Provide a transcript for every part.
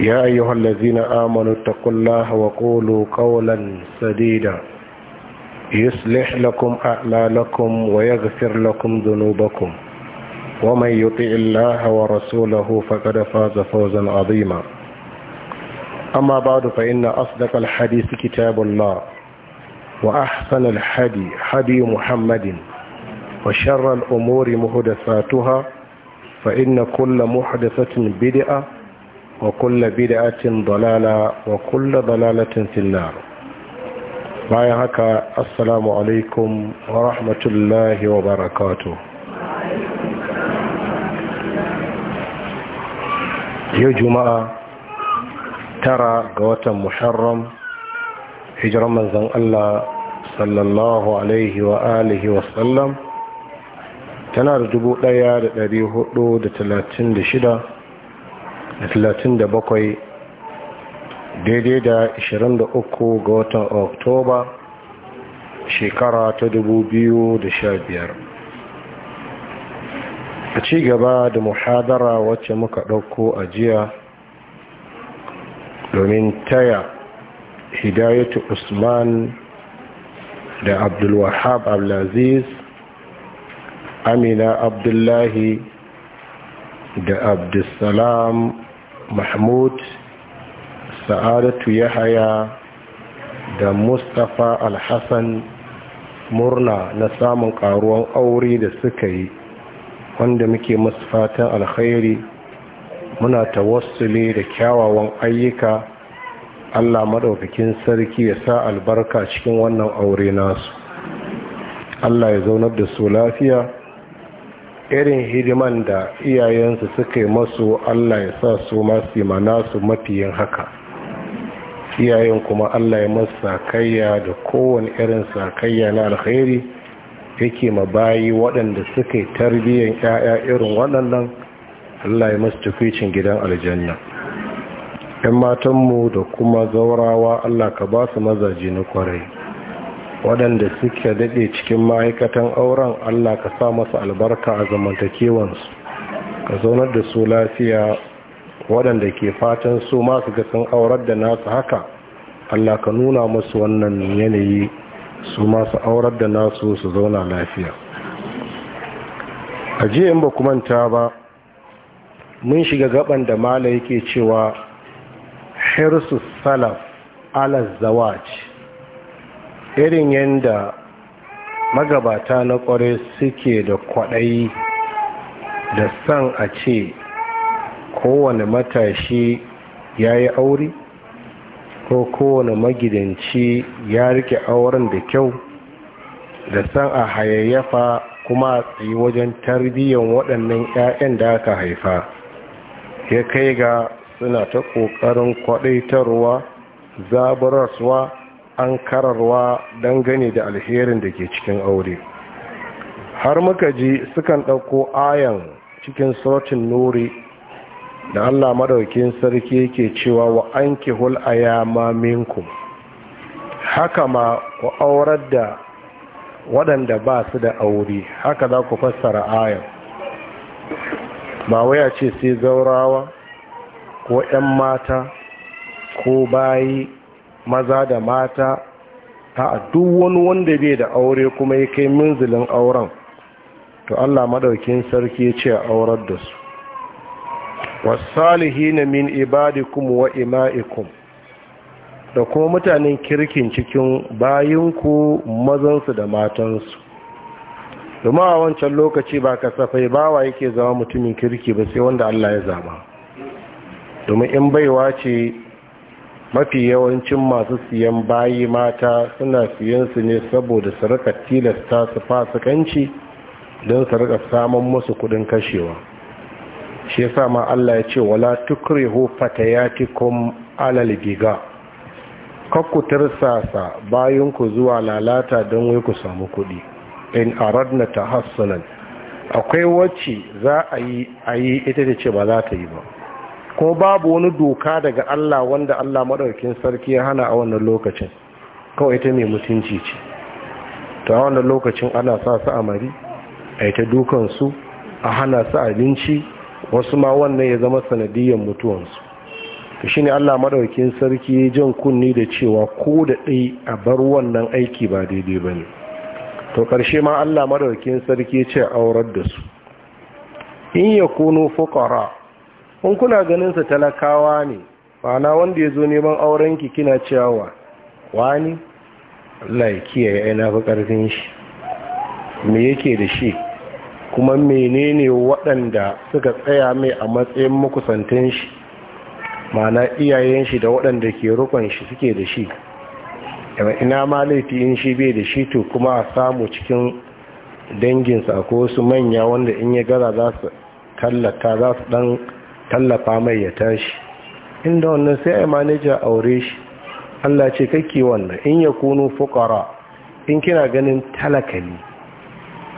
يا أيها الذين آمنوا اتقوا الله وقولوا قولا سديدا يصلح لكم أعمالكم ويغفر لكم ذنوبكم ومن يطع الله ورسوله فقد فاز فوزا عظيما أما بعد فإن أصدق الحديث كتاب الله وأحسن الحدي حدي محمد وشر الأمور محدثاتها فإن كل محدثة بدعة وكل بدعة ضلالة وكل ضلالة في النار بايا هكا السلام عليكم ورحمة الله وبركاته يا جماعة ترى قوات محرم هجر من زن الله صلى الله عليه وآله وسلم تنار جبوء ليا لدي هدو دتلاتين دشدا 37 daidai da 23 ga watan oktoba shekara ta 2015 a ci gaba da muhadara wacce muka ɗauko a jiya domin taya hidayatu usman da abdulwahab abdulaziz amina abdullahi da abdulsalam mahmud sa'adatu yahaya da mustapha alhassan murna na samun karuwan aure da suka yi wanda muke masu fatan alkhairi muna tawassuli da kyawawan ayyuka allah maɗaukakin sarki ya sa albarka cikin wannan aure nasu allah ya zaunar da su lafiya irin hidiman da iyayensu suka yi masu Allah ya sa su masu mana su mafiyin haka iyayen kuma Allah ya masu sakayya da kowane irin sakayya na alkhairi yake ma bayi waɗanda suka yi tarbiyyar 'ya'ya irin waɗannan Allah ya masu tafiyin gidan aljanna ‘yan matanmu da kuma zaurawa Allah ka ba su mazaje na kwarai waɗanda suke daɗe cikin ma'aikatan auren allah ka sa masu albarka a zamantakewansu ka zaunar da su lafiya waɗanda ke fatan su masu gasan aurar da nasu haka allah ka nuna masu wannan yanayi su masu aurar da nasu su zauna lafiya a jiyan ba kumanta ba mun shiga gaban da mala yake cewa hirsu salaf ala zawaci irin yadda magabata na kwarai suke da kwaɗayi da san a ce kowane matashi ya yi aure ko kowane magidanci ya rike auren da kyau da san a hayayyafa kuma a tsayi wajen tarbiyyar waɗannan 'ya'yan da aka haifa ya kai ga suna ta ƙoƙarin kwaɗaitarwa zaburarsuwa an kararwa dangane da alherin da ke cikin aure har muka ji sukan ɗauko ayan cikin sautin nuri da allah maɗaukin sarki yake cewa wa an kihul ayama minku haka ma ku aurar da waɗanda ba su da aure haka za ku fassara ayan ba waya ce sai zaurawa ko 'yan mata ko bayi maza da mata a duk wani wanda bai da aure kuma ya kai minzilin auren to Allah madaukin sarki ya ce aurar da su wasalihina min ibadikum wa ima'ikum da kuma mutanen kirkin cikin bayinku mazansu da matansu domin a wancan lokaci ba kasafai bawa yake zama mutumin kirki ba sai wanda Allah ya zama domin in baiwa ce mafi yawancin masu siyan bayi mata suna siyan su ne saboda su rika tilasta su fasikanci don su rika samun musu kudin kashewa shi yasa ma Allah ya ce wala tukrihu fatayatikum alal giga kakku tirsasa bayan ku zuwa lalata don wai ku samu kudi in aradna tahassunan akwai wacce za a yi a yi ita da ce ba za ta yi ba ko babu wani doka daga Allah wanda Allah maɗaukin sarki ya hana a wannan lokacin kawai ta mai mutunci ce ta wannan lokacin ana sa su amari a yi ta dukansu a hana su abinci wasu ma wannan ya zama sanadiyyar mutuwansu ta shi ne Allah maɗaukin sarki ya jan kunni da cewa ko da ɗai a bar wannan aiki ba daidai ba ne to ƙarshe ma Allah maɗaukin sarki ya ce a aurar da su in ya kuno fukara in kuna ganin talakawa ne ma'ana wanda ya zo neman auren ki kina ciyawa wani Allah ya kiyaye na fi karfin shi me yake da shi kuma menene waɗanda suka tsaya mai a matsayin makusantan shi mana iyayen shi da waɗanda ke rukun shi suke da shi ina ma laifi in shi bai da shi to kuma a samu cikin danginsa ko su manya wanda in ya gaza za su kallata za su dan tallafa mai ya tashi inda wannan sai a manaja aure shi Allah ce kake wannan in ya kunu fukara in kina ganin talakali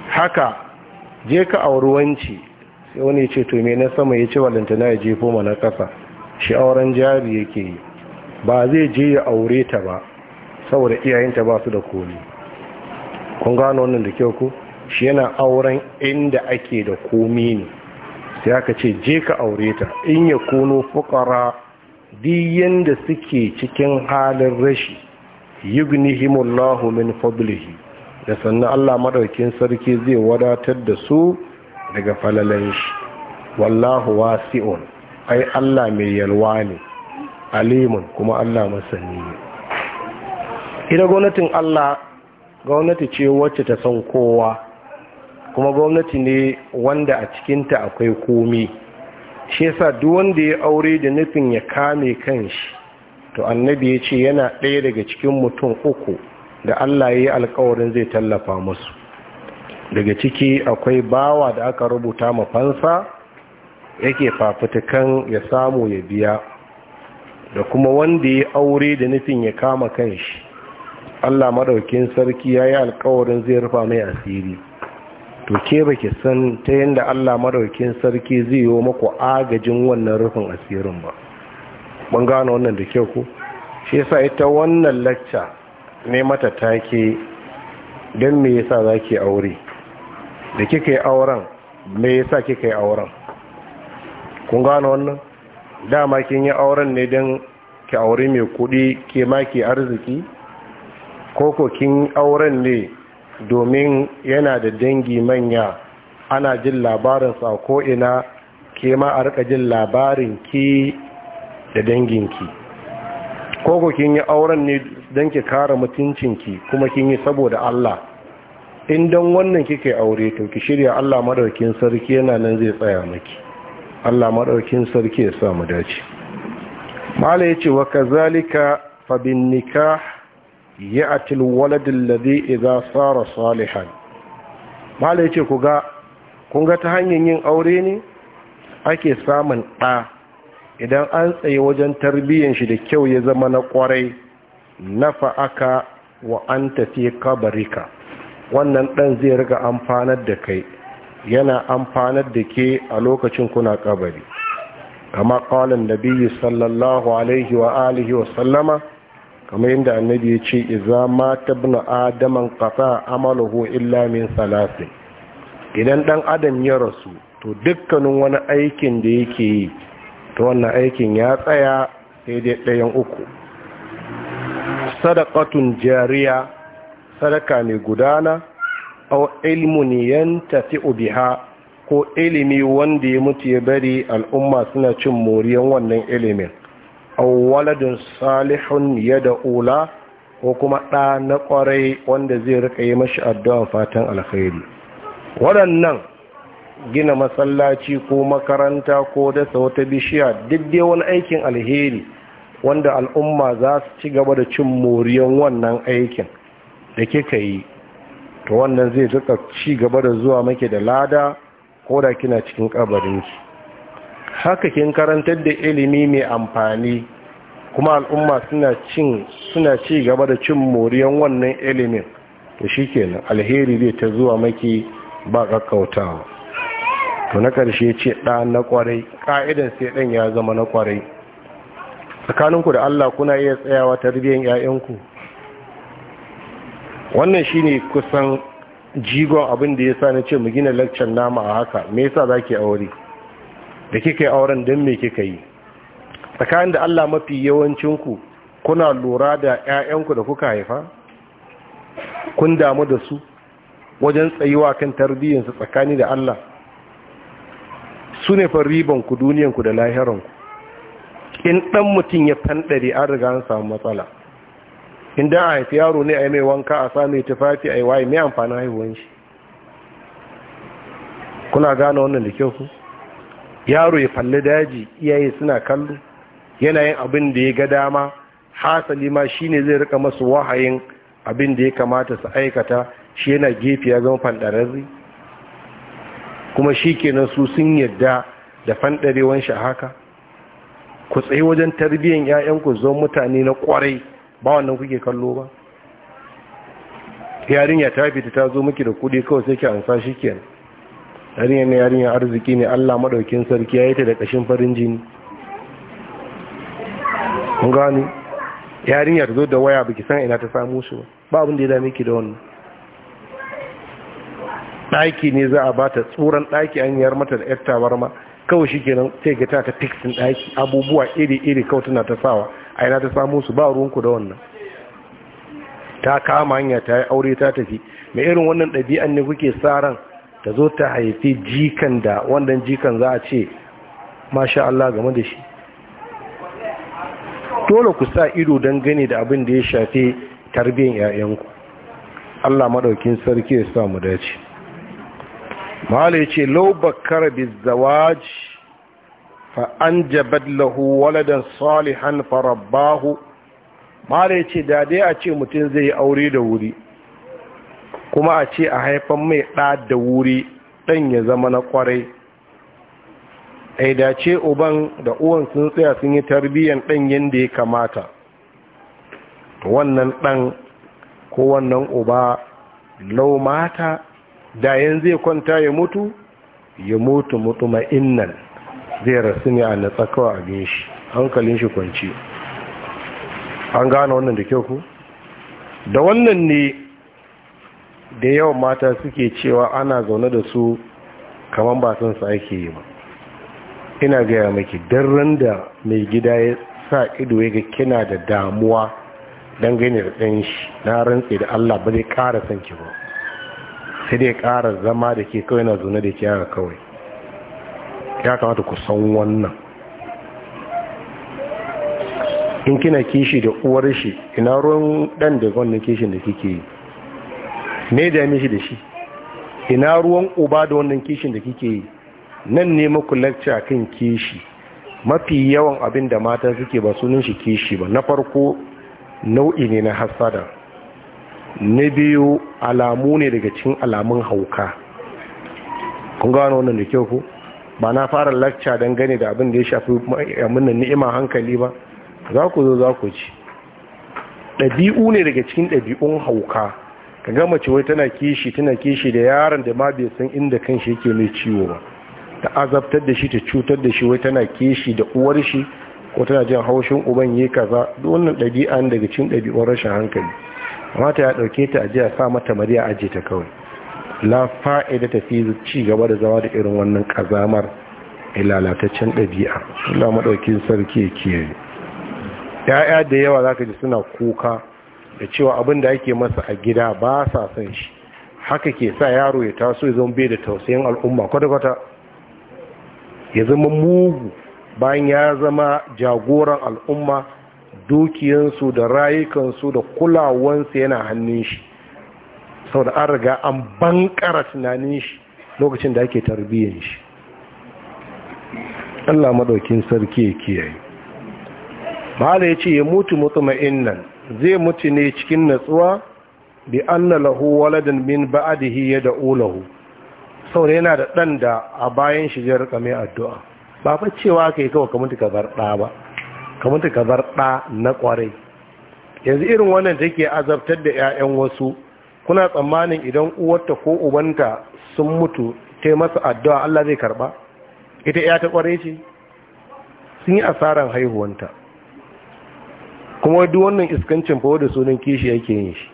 haka je ka auri wanci sai wani ce to me na sama ya ce walantana ya jefo ma na kasa shi auren jari yake yi ba zai je ya aure ta ba saboda iyayenta ba su da koli kun gano wannan da kyau ku shi yana auren inda ake da komi ne sai aka ce je ka aure ta in ya kono fukara diyan da suke cikin halin rashi yugnihimullahu min fadlihi da sannan Allah madaukin sarki zai wadatar da su daga falalan shi wallahu wasi'un ai Allah mai yalwa ne alimun kuma Allah masani ne Ina gwamnatin Allah gwamnati ce wacce ta san kowa kuma gwamnati ne wanda a cikinta akwai komi shi yasa duk wanda ya aure da nufin ya kame kanshi to annabi ya ce yana ɗaya daga cikin mutum uku da Allah ya yi alkawarin zai tallafa musu daga ciki akwai bawa da aka rubuta mafansa yake fafutukan ya samu ya biya da kuma wanda ya aure da nufin ya kama kanshi Allah Maɗaukin sarki ya yi alkawarin zai rufa mai asiri to ke ba ki san ta yadda Allah madaukin sarki zai yi maku agajin wannan rufin asirin ba ban gano wannan da kyau ku. shi yasa ita wannan lacca ne mata take don me yasa za zaki aure da kika yi auren me yasa kika yi auren kun gano wannan dama kin yi auren ne don ki aure mai kuɗi ke maki arziki? arziki ko kin auren ne domin yana da dangi manya ana jin labarinsa ina ke ma a rika jin labarin ki da danginki koko kin yi auren ne don ki kare ki kuma kin yi saboda Allah in don wannan kike aure to ki shirya Allah madaukin sarki yana nan zai tsaya maki Allah madaukin sarki ya sa mu dace mala yace wa kazalika fa bin nikah ya'ti walad alladhi idha sara salihan mala yace ku ga kun ga ta hanyar yin aure ne ake samun ɗa idan an tsaye wajen tarbiyyar shi da kyau ya zama na kwarai nafa aka wa an tafi kabarika wannan dan zai riga amfanar da kai yana amfanar da ke a lokacin kuna kabari kama ƙalin nabiyyi sallallahu alaihi wa alihi wa sallama kamar yadda annabi ya ce iza ta ibnu adaman qata amaluhu illa min salasin idan dan adam ya rasu to dukkanin wani aikin da yake yi to wannan aikin ya tsaya sai dai ɗayan uku sadakatun jariya sadaka mai gudana aw ilmun yantafi'u biha ko ilimi wanda ya mutu ya bari al'umma suna cin moriyan wannan ilimin waladun salihun ya da ula ko kuma ɗa na ƙwarai wanda zai rika yi mashi addu'an fatan alkhairi waɗannan gina masallaci ko makaranta ko dasa wata bishiya duk dai wani aikin alheri wanda al'umma za su ci gaba da cin moriyan wannan aikin da kika yi to wannan zai rika ci gaba da zuwa make da lada ko da kina cikin ƙabarinki haka kin karantar da ilimi mai amfani kuma al'umma suna cin ci gaba da cin moriyan wannan ilimin to shikenan alheri zai ta zuwa maki ba kakkautawa to na karshe ce ɗa na kwarai ka'idan sai ɗan ya zama na kwarai tsakaninku da Allah kuna iya tsayawa tarbiyyar 'ya'yanku wannan shine kusan jigon abin da yasa na ce mu gina lecture nama a haka me yasa zaki aure da kika yi auren don me kika yi tsakanin da Allah mafi yawancinku kuna lura da 'ya'yanku da kuka haifa kun damu da su wajen tsayuwa kan tarbiyyarsu tsakani da Allah su ne fa ribanku duniyanku da lahiranku in ɗan mutum ya fanɗari an riga an samu matsala inda a haifi yaro ne a yi mai wanka a sa tufafi a yi waye mai amfani haihuwan shi kuna gane wannan da kyau ku yaro ya falli daji iyaye suna kallo yanayin abin da ya ga dama hasali ma shine zai rika masu wahayin abin da ya kamata su aikata shi yana gefe ya zama fandararri kuma shi kenan su sun yadda da fandarewan shi haka ku tsaye wajen tarbiyyar 'ya'yanku zo mutane na kwarai ba wannan kuke kallo ba yarinya ta fita ta zo miki da kudi kawai sai ki ansa shi kenan yarinya ne yarinya arziki ne Allah madaukin sarki ya yi ta da kashin farin jini kun gani yarinya ta zo da waya biki san ina ta samu shi ba abin da ya dame ki da wannan ɗaki ne za a ba ta tsoron ɗaki an yar mata da yar tabarma kawai shi kenan sai ga ta ta fixin ɗaki abubuwa iri-iri kawai tana ta sawa a yana ta samu su ba ruwanku da wannan ta kama hanya ta yi aure ta tafi mai irin wannan ɗabi'an ne kuke sa ran ta zo ta haifi jikan da wannan jikan za a ce masha Allah game da shi dole ku sa ido don gani da abin da ya shafi tarbiyyar 'ya'yanku Allah maɗaukin sarki ya sa mu dace mahala ce laubakar bizawaj fa an jabad lahu waladan salihan farabbahu mahala ce da dai a ce mutum zai yi aure da wuri kuma a ce a haifan mai ɗa da wuri ɗan ya zama na kwarai yi dace uban da uwan sun tsaya sun yi tarbiyyar ɗan yadda ya kamata wannan ɗan ko wannan uba laumata mata da yanzu zai kwanta ya mutu ya mutu mutu ma'innan zai rasu ne a na tsakawa abin shi hankalin shi kwanci an gane wannan da kyau ku da wannan ne da yawan mata suke cewa ana zaune da su kamar ba sun su ake yi ba ina gaya maki darren da mai gida ya sa ido ya ga kina da damuwa don gani da ɗan shi na rantse da Allah ba zai kara son ki ba sai dai kara zama da ke kawai na zaune da ke kawai ya kamata ku san wannan in kina kishi da uwar shi ina ruwan ɗan da wannan kishin da kike yi me da mishi da shi ina ruwan uba da wannan kishin da kike yi nan ne maku lecture kan kishi mafi yawan abin da mata suke ba sunan shi kishi ba na farko nau'i ne na hasada na biyu alamu ne daga cikin alamun hauka kun gano wannan da kyau ku ba na fara lacca don gane da abin da ya shafi yamunan ni'ima hankali ba za ku zo za ku ci ɗabi'u ne daga cikin ɗabi'un hauka ka gama mace wai tana kishi tana kishi da yaron da ma bai san inda kanshi yake mai ciwo ba ta azabtar da shi ta cutar da shi wai tana kishi da uwar shi ko tana jin haushin uban yi kaza duk wannan ɗabi'a daga cikin ɗabi'un rashin hankali amma ta ya ɗauke ta aje a sa mata mariya aje ta kawai la fa'ida ta fi ci gaba da zama da irin wannan kazamar ilalataccen ɗabi'a Allah madaukin sarki ya kiyaye ya'ya da yawa zaka ji suna kuka da cewa abin da ake masa a gida ba sa san shi haka ke sa yaro ya taso ya zama bai da tausayin al'umma kwata-kwata ya zama mugu bayan ya zama jagoran al'umma dukiyansu da rayukansu da kulawansu yana hannun shi sau da an riga an bankara tunanin shi lokacin da ake tarbiyyar shi Allah maɗaukin sarki ya kiyaye da ya ce ya mutu ma'in nan zai mutu ne cikin natsuwa bi anna lahu waladan min ba'dihi yad'u lahu saboda yana da ɗan da a bayan shi zai rika mai addu'a ba fa cewa kai kawai ka mutu ka bar da ba ka mutu ka bar da na kwarai yanzu irin wannan take azabtar da 'ya'yan wasu kuna tsammanin idan uwarta ko ubanta sun mutu tai masa addu'a Allah zai karba ita 'ya ta kwarai ce sun yi asaran haihuwanta kuma duk wannan iskancin fa da sunan kishi yake yin shi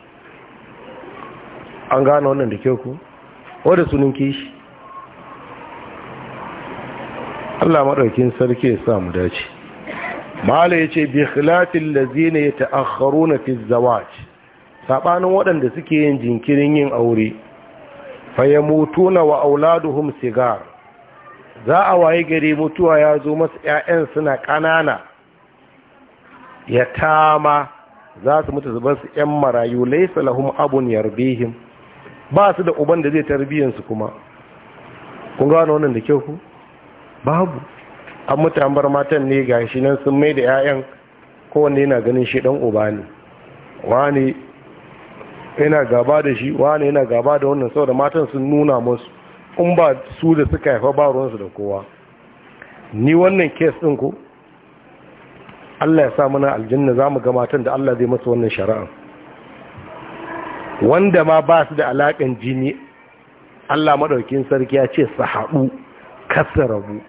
an gane wannan da kyau ku wanda sunan kishi Allah maɗaukin sarki ya sa mu dace mala ya ce bi khilatil ladzina ya fi zawaj saɓanin waɗanda suke yin jinkirin yin aure faya mutu na wa auladuhum sigar za a waye gari mutuwa ya zo masa 'ya'yan suna ƙanana ya tama za su mutu zuba su ‘yan marayu laisa lahum abun yarbihim ba su da uban da zai tarbiyyansu kuma kun gano wannan da kyau ku babu an mutu an bar matan ne ga shi nan sun mai da ‘ya'yan kowanne yana ganin shi ɗan uba ne wani yana gaba da shi wani yana gaba da wannan saboda matan sun nuna musu in ba su da suka haifa ba ruwansu da kowa ni wannan kes ɗin ku Allah ya sa mana aljanna za mu ga matan da Allah zai masa wannan shari'an wanda ma ba su da alaƙan jini Allah maɗaukin sarki ya ce su haɗu kasarabu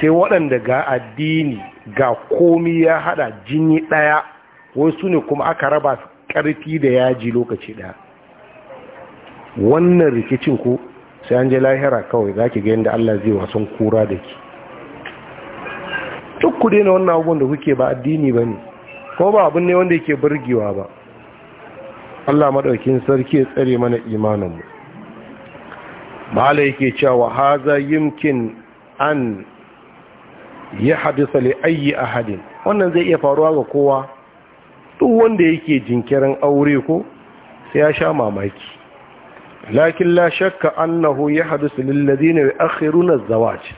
sai waɗanda ga addini ga komi ya haɗa jini ɗaya wai su ne kuma aka raba su ƙarfi da yaji lokaci ɗaya wannan rikicin ku sai an je lahira kawai za ki ga yadda Allah zai wasan kura da ki duk ku daina wannan abubuwan da kuke ba addini ba ne ko ba abin ne wanda yake burgewa ba Allah maɗaukin sarki ya tsare mana imaninmu mala yake cewa haza yimkin an yi hadisa li ayi ahadin wannan zai iya faruwa ga kowa duk wanda yake jinkirin aure ko sai ya sha mamaki lakin la shakka annahu ya hadisa lil ladina akhiru na zawaci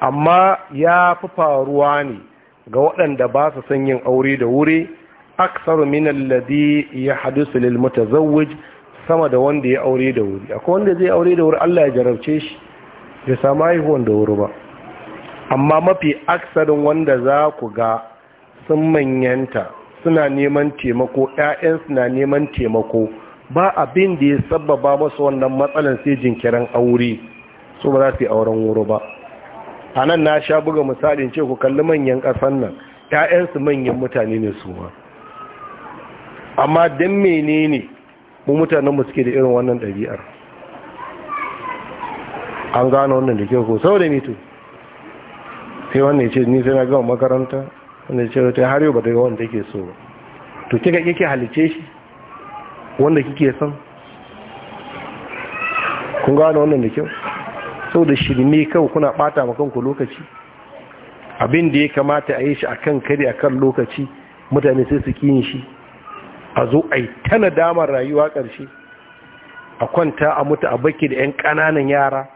amma ya fi faruwa ne ga waɗanda ba su son yin aure da wuri aksaru min alladhi yahdusu lil mutazawwij sama da wanda ya aure da wuri akwai wanda zai aure da wuri Allah ya jarabce shi ya samu haihuwan da wuri ba amma mafi aksarin wanda za ku ga sun manyanta suna neman taimako ƴaƴan suna neman taimako ba abin da ya sabbaba masu wannan matsalan sai jinkirin aure so ba za su yi auren wuri ba a nan na sha buga misalin ce ku kalli manyan ƙasan nan ‘ya'yansu manyan mutane ne su ma amma don ne mu mutanenmu suke da irin wannan ɗabi'ar an gano wannan da ke ko sau da mito sai wannan ya ce ni sai na gama makaranta wanda ya ce wata har yau ba daga wanda take so ba to kika kike halice shi wanda kike son kun gano wannan da kyau sau da shirme kawai kuna bata ma kanku lokaci abin da ya kamata a yi shi akan kare akan lokaci mutane sai su kiyin shi a zo a yi tana damar rayuwa ƙarshe a kwanta a mutu a baki da 'yan ƙananan yara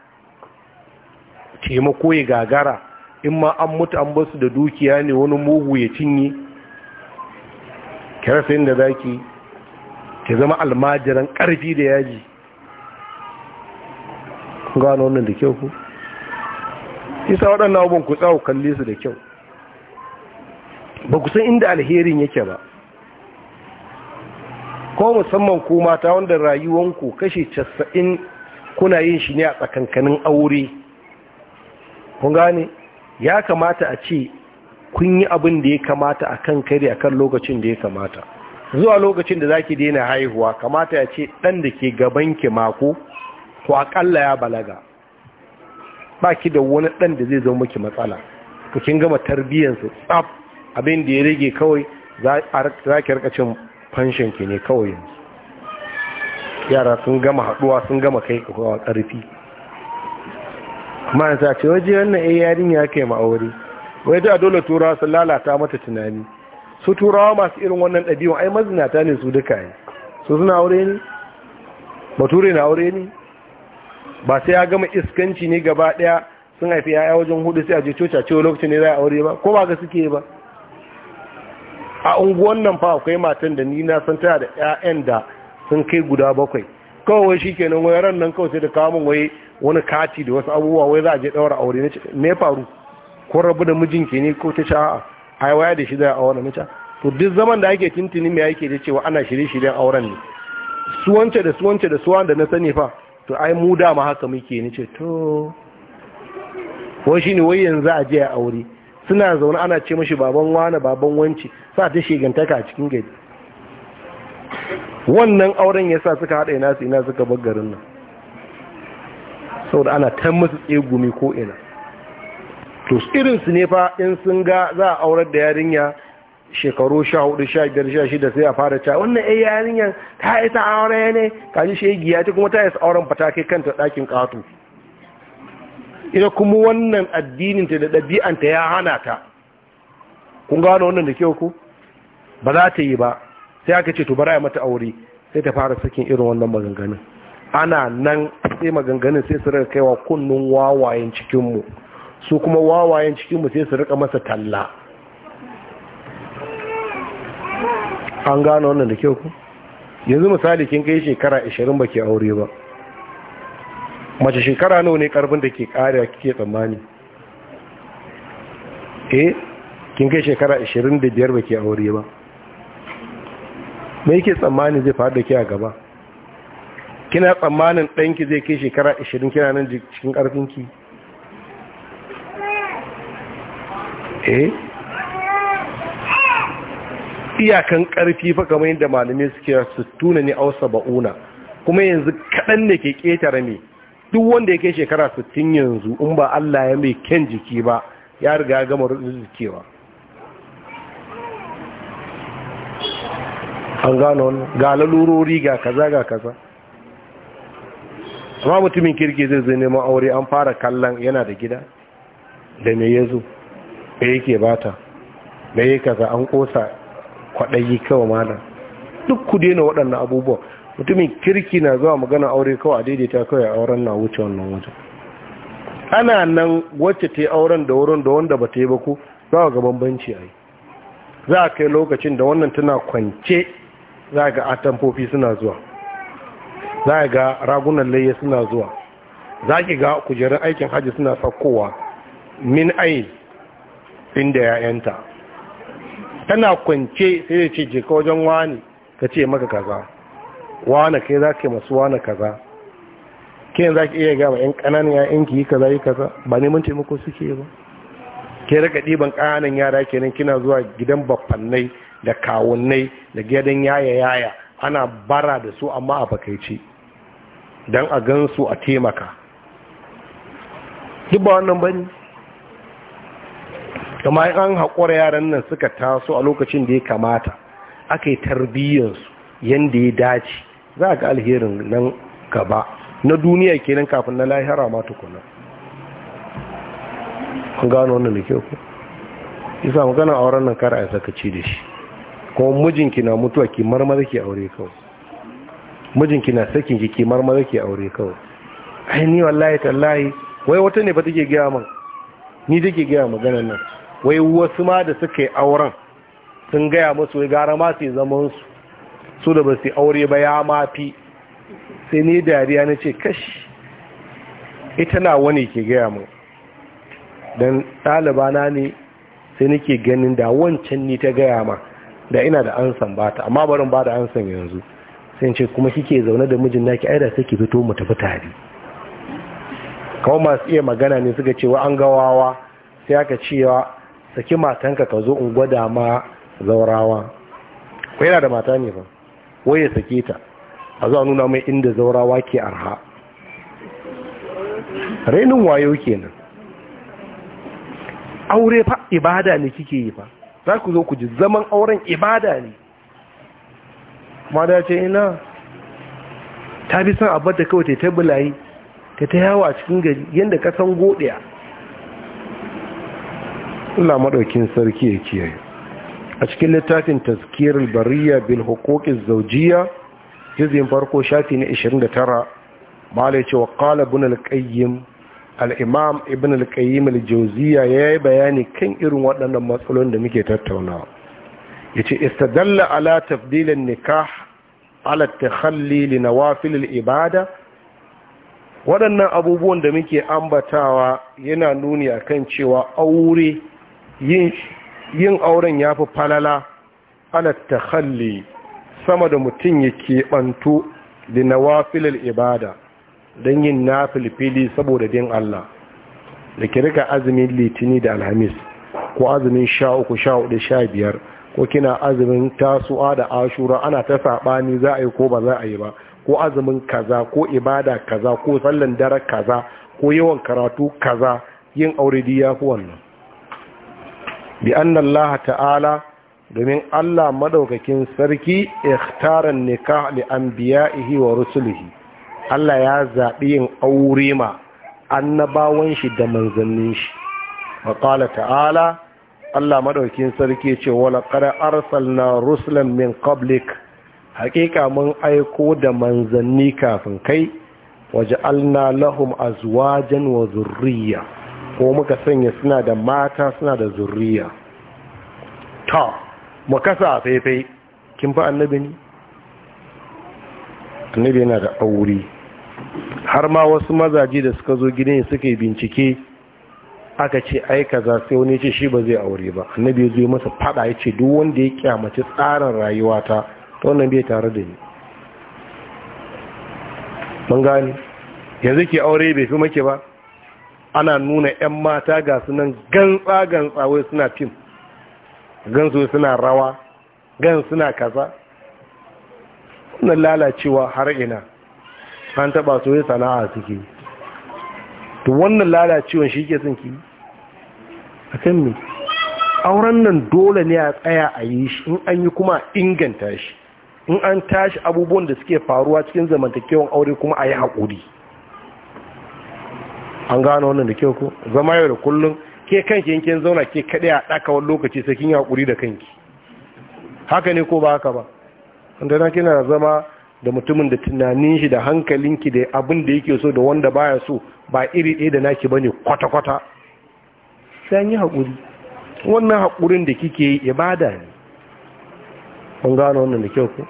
taimako ya gagara in ma an mutu an basu da dukiya ne wani mugu ya cinye kirasa yin da zaki ke zama almajiran ƙarfi da yaji gano wannan da kyau ku isa waɗannan abubuwan ku tsawo kalli su da kyau ba ku san inda alherin yake ba ko musamman ku mata wanda rayuwanku kashe casa'in kuna yin shi ne a tsakankanin aure kun gane ya kamata a ce kun yi abin da ya kamata a kan kare a kan lokacin da ya kamata zuwa lokacin da za ki daina haihuwa kamata ya ce ɗan da ke gabanki mako to akalla ya balaga ba ki da wani dan da zai zo miki matsala ku kin gama tarbiyyansu tsaf abin da ya rage kawai za ki rika cin fanshin ki ne kawai yanzu yara sun gama haɗuwa sun gama kai kawai ƙarfi Kuma yanzu ce waje wannan ya eh yarin ya kai ma'auri? wai da dole turawa sun lalata mata tunani su turawa masu irin wannan ɗabi'un ai mazinata ne su duka ne su suna aure ne bature na aure ne ba sai ya gama iskanci ne gaba daya sun haifi yaya wajen hudu sai a je coci a cewa lokacin ne za a aure ba ko ba ga suke ba a unguwan nan fa akwai matan da ni na san tana da ƴaƴan da sun kai guda bakwai kawai shi kenan wai ran nan kawai sai da kawo wai wani kati da wasu abubuwa wai za a je daura aure ne me faru ko rabu da mijinki ne ko ta sha'a ai waya da shi da auren mace to duk zaman da ake tintini me yake da cewa ana shirye-shiryen auren ne suwance da suwance da suwan da na sani fa to ai mu dama haka muke ni ce to wai shine wai yanzu a je a aure suna zaune ana ce mishi baban wani baban wanci sa ta shigantaka a cikin gari wannan auren ya sa suka haɗa ina su ina suka bar garin nan saboda ana ta musu tsegumi ko ina to irinsu ne fa in sun ga za a aurar da yarinya shekaru sha hudu sha biyar sha shida sai a fara cewa wannan ai eh, yarinyar ta yi ta aure ne shi shegiya ta kuma ta yi auren fata kai kanta dakin ƙato ita kuma wannan addinin ta da ta ya hana ta kun gano wannan da kyau ku ba za ta yi ba sai aka ce to bara ya mata aure sai ta fara sakin irin wannan maganganun ana nan sai maganganun sai su rika kaiwa kunnun wawayen cikinmu su kuma wawayen cikinmu sai su rika masa talla an gano wannan da kyau ku yanzu misali kin kai shekara 20 baki aure ba mace shekara nawa ne karfin da ke kare kike tsammani eh kin kai shekara 25 baki aure ba me yake tsammani zai faru da ke a gaba kina tsammanin ki zai kai shekara 20 kina nan cikin ki eh iyakan ƙarfi fa kamar yadda malamai suke sittuna ne ausa ba'una kuma yanzu kaɗan ne ke ƙetare ne duk wanda yake shekara sittin yanzu in ba Allah ya mai kyan jiki ba ya riga gama rutsukewa an gano ga lalurori ga kaza ga kaza amma mutumin kirki zai zai neman aure an fara kallon yana da gida da mai ya zo me yake bata me ya kaza an kosa kwaɗayi kawa mana duk ku daina waɗannan abubuwa mutumin kirki na zuwa magana aure kawai a daidaita kawai auren na wuce wannan wajen ana nan wacce ta yi auren da wurin da wanda ba ta yi ba ku za ga bambanci a yi za a kai lokacin da wannan tana kwance za ga atamfofi suna zuwa za ga ragunan layya suna zuwa za ki ga kujerun aikin hajji suna saukowa min ayin inda ya yanta. tana kwance sai da ce jika ka wajen wani ka ce maka kaza wani kai za ka yi masu wani kaza kai za ki iya gama yan ƙananan ya'yan ki yi kaza yi kaza ba neman taimako suke ba ke raka ɗiban ƙananan yara kenan kina zuwa gidan baffannai da kawunnai da gidan yaya yaya ana bara da su amma a bakaici don a gansu a taimaka duk ba wannan bane kama an haƙura yaran nan suka taso a lokacin da ya kamata aka yi tarbiyyarsu yadda ya dace za ga alherin nan gaba na duniya kenan kafin na lahira ma tukuna kun gano wannan da kyau ku isa magana auren nan kar a sakaci da shi kuma mijinki na mutuwa ki marmara ki aure kawai mijinki na sakin ki ki marmara ki aure kawai ai ni wallahi tallahi wai wata ne ba take gaya min ni take gaya maganar nan wai wasu ma da suka yi auren sun gaya musu wai gara ma su yi zamansu su da ba su aure ba ya mafi sai ni dariya na ce kashi ita na wani ke gaya mu don ɗalibana ne sai nake ganin da wancan ni ta gaya ma da ina da ansan ba ta amma barin ba da ansan yanzu sai ce kuma kike zaune da mijin naki aida sai ke fito mu tafi tare kawai masu iya magana ne suka cewa an gawawa sai aka cewa saki matanka ka zo in gwada ma zaurawa ko yana da mata ne ba waye saki ta a zo a nuna mai inda zaurawa ke arha rainin wayo kenan aure fa ibada ne kike yi fa za ku zo ku ji zaman auren ibada ne kuma da ce ina ta bi son abar da kawai ta yi ta ta ta yawa cikin gari yadda ka san godiya Allah madaukin sarki ya kiyaye a cikin littafin tazkirul bariya bil huquqiz zawjiyya farko shafi na 29 malai wa qala ibn al-qayyim al-imam ibn al-qayyim al-jawziyya yayi bayani kan irin waɗannan matsalolin da muke tattaunawa yace istadalla ala tafdil an-nikah ala takhalli li nawafil al-ibada waɗannan abubuwan da muke ambatawa yana nuni akan cewa aure yin auren ya fi falala ala takhalli sama da mutum ya keɓanto da nawafilar ibada don yin nafilfili saboda din Allah da ki rika azumin litini da alhamis ko azumin sha uku sha hudu sha biyar ko kina azumin tasuwa da ashura ana ta saɓani za a yi ko ba za a yi ba ko azumin kaza ko ibada kaza ko sallan dara kaza ko yawan karatu kaza yin aure ya fi wannan bi annallaha ta'ala domin Allah Maɗaukakin sarki ikhtaran nikah li anbiya'ihi wa rusulihi Allah ya zaɓi yin aure ma annabawan shi da manzannin shi wa ta'ala Allah maɗaukakin sarki ce wala qad arsalna Ruslan min qablik haƙiƙa mun aiko da manzanni kafin kai waje alna lahum azwajan wa zurriya ko muka sanya suna da mata suna da zurriya ta mu kasa faifai kin fi annabi ne annabi yana da aure har ma wasu mazaje da suka zo gidan suka yi bincike aka ce za kaza sai wani ce shi ba zai aure ba annabi ya zo masa fada ya ce duk wanda ya kyamaci tsarin rayuwata ta wannan bai tare da ni mun gani yanzu ke aure bai fi make ba ana nuna 'yan mata ga sunan gantsa-gantsa wai suna fim gansu suna rawa gan suna kaza wannan lalacewa har ina an taba su yi sana'a suke to wannan lalacewa shi ke sun ki a kan me auren nan dole ne a tsaya a yi shi in an yi kuma inganta shi in an tashi abubuwan da suke faruwa cikin zamantakewan aure kuma a yi haƙuri an gano wannan da kyau ko zama yau da kullum ke kanki yankin zauna ke kaɗe a ɗaka wani lokaci sai kin yi haƙuri da kanki haka ne ko ba haka ba wanda na kina zama da mutumin da tunanin shi da hankalinki da abin da yake so da wanda baya so ba iri ɗaya da naki bane kwata-kwata sai yi haƙuri wannan haƙurin da kike yi ibada ne kun gano wannan da kyau ku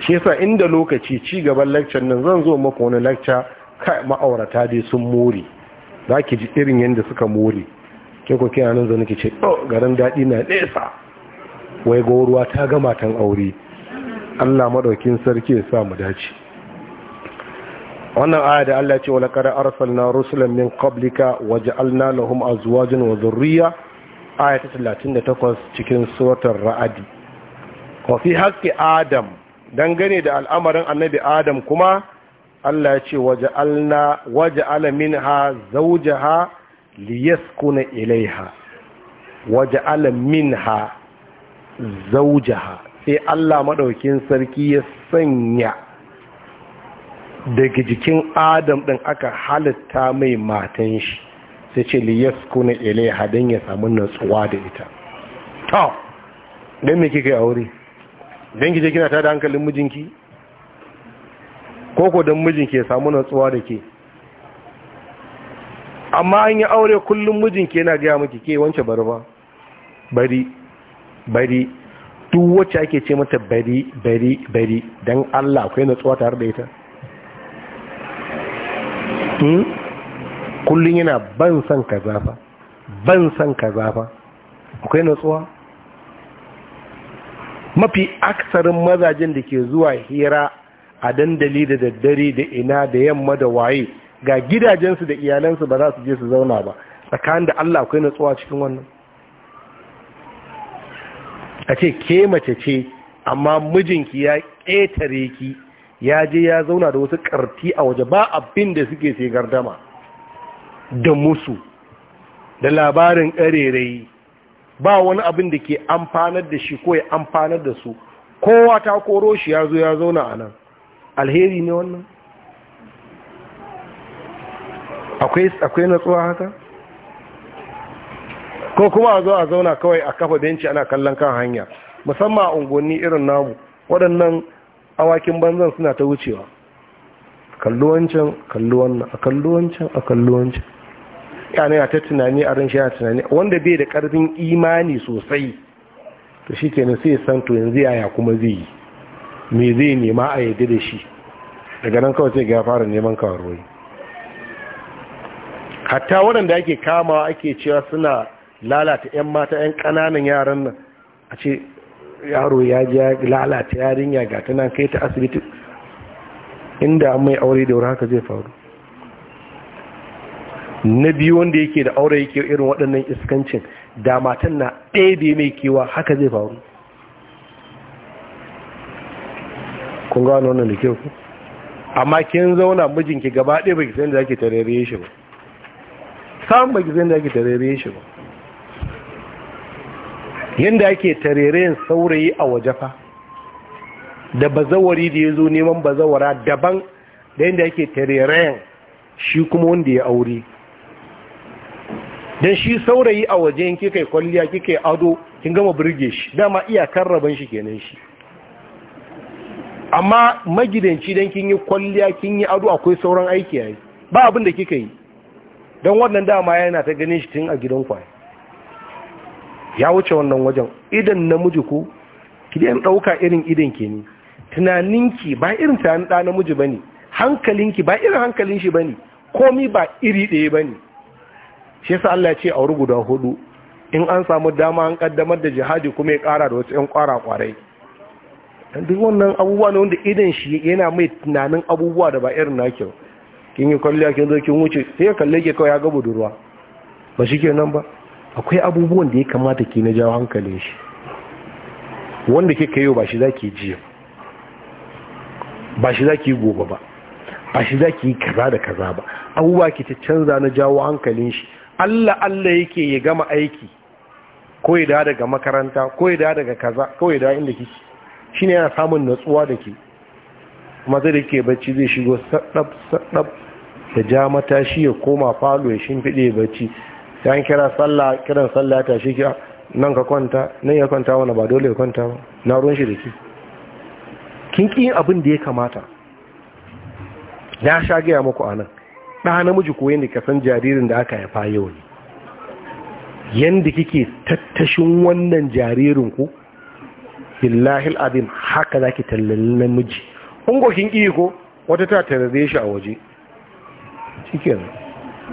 shi yasa inda lokaci ci gaban lecture nan zan zo muku wani lecture kai ma'aurata dai sun more za ki ji irin yadda suka more ke ku kina nan zane ki ce ɗo oh, garin daɗi na nesa wai gowarwa ta gama tan aure Allah maɗaukin sarki ya sa mu dace wannan aya da Allah ya ce wa laqad arsalna rusulan min qablika a lahum azwajan wa dhurriyya aya ta 38 cikin suratul ra'adi Kofi fi adam dangane da al'amarin annabi adam kuma Allah ya ce waja'ala minha zawjaha liyaskuna ilaiha ha minha zawjaha sai Allah maɗaukin sarki ya sanya daga jikin Adam din aka halitta mai matan shi sai ce liyaskuna ilaiha dan ya samu natsuwa da ita to dan me kike aure dan kije kina tada hankalin mijinki ko ko don mijin ke samu natsuwa da ke amma an yi aure kullum mijin ke na gaya miki ke wance bari ba bari bari duk wacce ake ce mata bari bari bari don Allah akwai natsuwa tare da ita hmm? kullum yana ban son ka zafa ban son ka zafa akwai natsuwa mafi aksarin mazajen da ke zuwa hira a dandali da daddare da ina da yamma da waye ga gidajensu da iyalansu ba za su je su zauna ba tsakanin da Allah akwai natsuwa cikin wannan a ce ke mace ce amma mijinki ya ƙetare ki ya je ya zauna da wasu ƙarti a waje ba abin da suke sai gardama da musu da labarin ƙarerai ba wani abin da ke amfanar da shi ko ya amfanar da su kowa ta koro shi ya zo ya zauna a nan alheri ne wannan akwai natsuwa haka ko kuma a zo a zauna kawai a kafa benci ana kallon kan hanya musamman a unguwanni irin namu waɗannan awakin banzan suna ta wucewa kalluwancin kalluwannan a kalluwancin a kalluwancan yana ta tunani a ranshi ya tunani wanda bai da ƙarfin imani sosai to shi kenan sai san to yanzu yaya kuma zai yi me zai nema a yadda da shi daga nan kawai sai ga fara neman kawarwai hatta waɗanda ake kama ake cewa suna lalata 'yan mata 'yan ƙananan yaran nan a ce yaro ya ya lalata yarinya ga tana kai ta asibiti inda an mai aure da wuri haka zai faru na biyu wanda yake da aure yake irin waɗannan iskancin da matan na ɗaya da mai kewa haka zai faru kun gano wannan da kyau amma kin zauna mijinki gaba ɗaya ki san da zaki tarere shi ba ba ki san da zaki tarere shi ba yanda ake tarerayen saurayi a waje fa da bazawari da ya zo neman bazawara daban da yadda yake tarerayen shi kuma wanda ya aure don shi saurayi a waje yanki kai kwalliya kika ado kin gama birge shi dama iyakar rabon shi kenan shi amma magidanci don kin yi kwalliya kin yi ado akwai sauran aiki ya yi ba abin da kika yi don wannan dama yana ta ganin shi tun a gidan kwaye ya wuce wannan wajen idan namiji ko ki dan dauka irin idan ke ne tunaninki ba irin tunanin ɗa namiji bane hankalinki ba irin hankalin shi ne komi ba iri ɗaya ne shi yasa Allah ya ce a wuri guda hudu in an samu dama an ƙaddamar da jihadi kuma ya kara da wasu ƴan kwara kwarai duk wannan abubuwa ne wanda idan shi yana mai tunanin abubuwa da ba irin naki kin yi kwalliya kin zo kin wuce sai ya kalle ke kawai ya ga budurwa ba shi kenan ba akwai abubuwan da ya kamata ke na jawo hankalin shi wanda ke kayo ba shi za ki ji ba shi za ki gobe ba ba shi za yi kaza da kaza ba abubuwa ke ta canza na jawo hankalin shi Allah Allah yake ya gama aiki ko ya daga makaranta ko ya daga kaza ko ya inda kike shi ne yana samun natsuwa da ke maza da ke bacci zai shigo saɗab-saɗab da ja matashi ya koma falo ya shimfiɗe bacci ta an kira sallah kiran sallah ya tashi ki ah, nan ka kwanta nan ya kwanta wani ba dole ya kwanta ba na ruwan shi da ke kin ƙi abin da ya kamata na sha gaya muku a nan ɗa namiji koyon da kasan jaririn da aka haifa yau ne yadda kike tattashin wannan jaririn ku billahi al'adim haka za zaki tallalin namiji ungokin iko wata ta tarare shi a waje cikin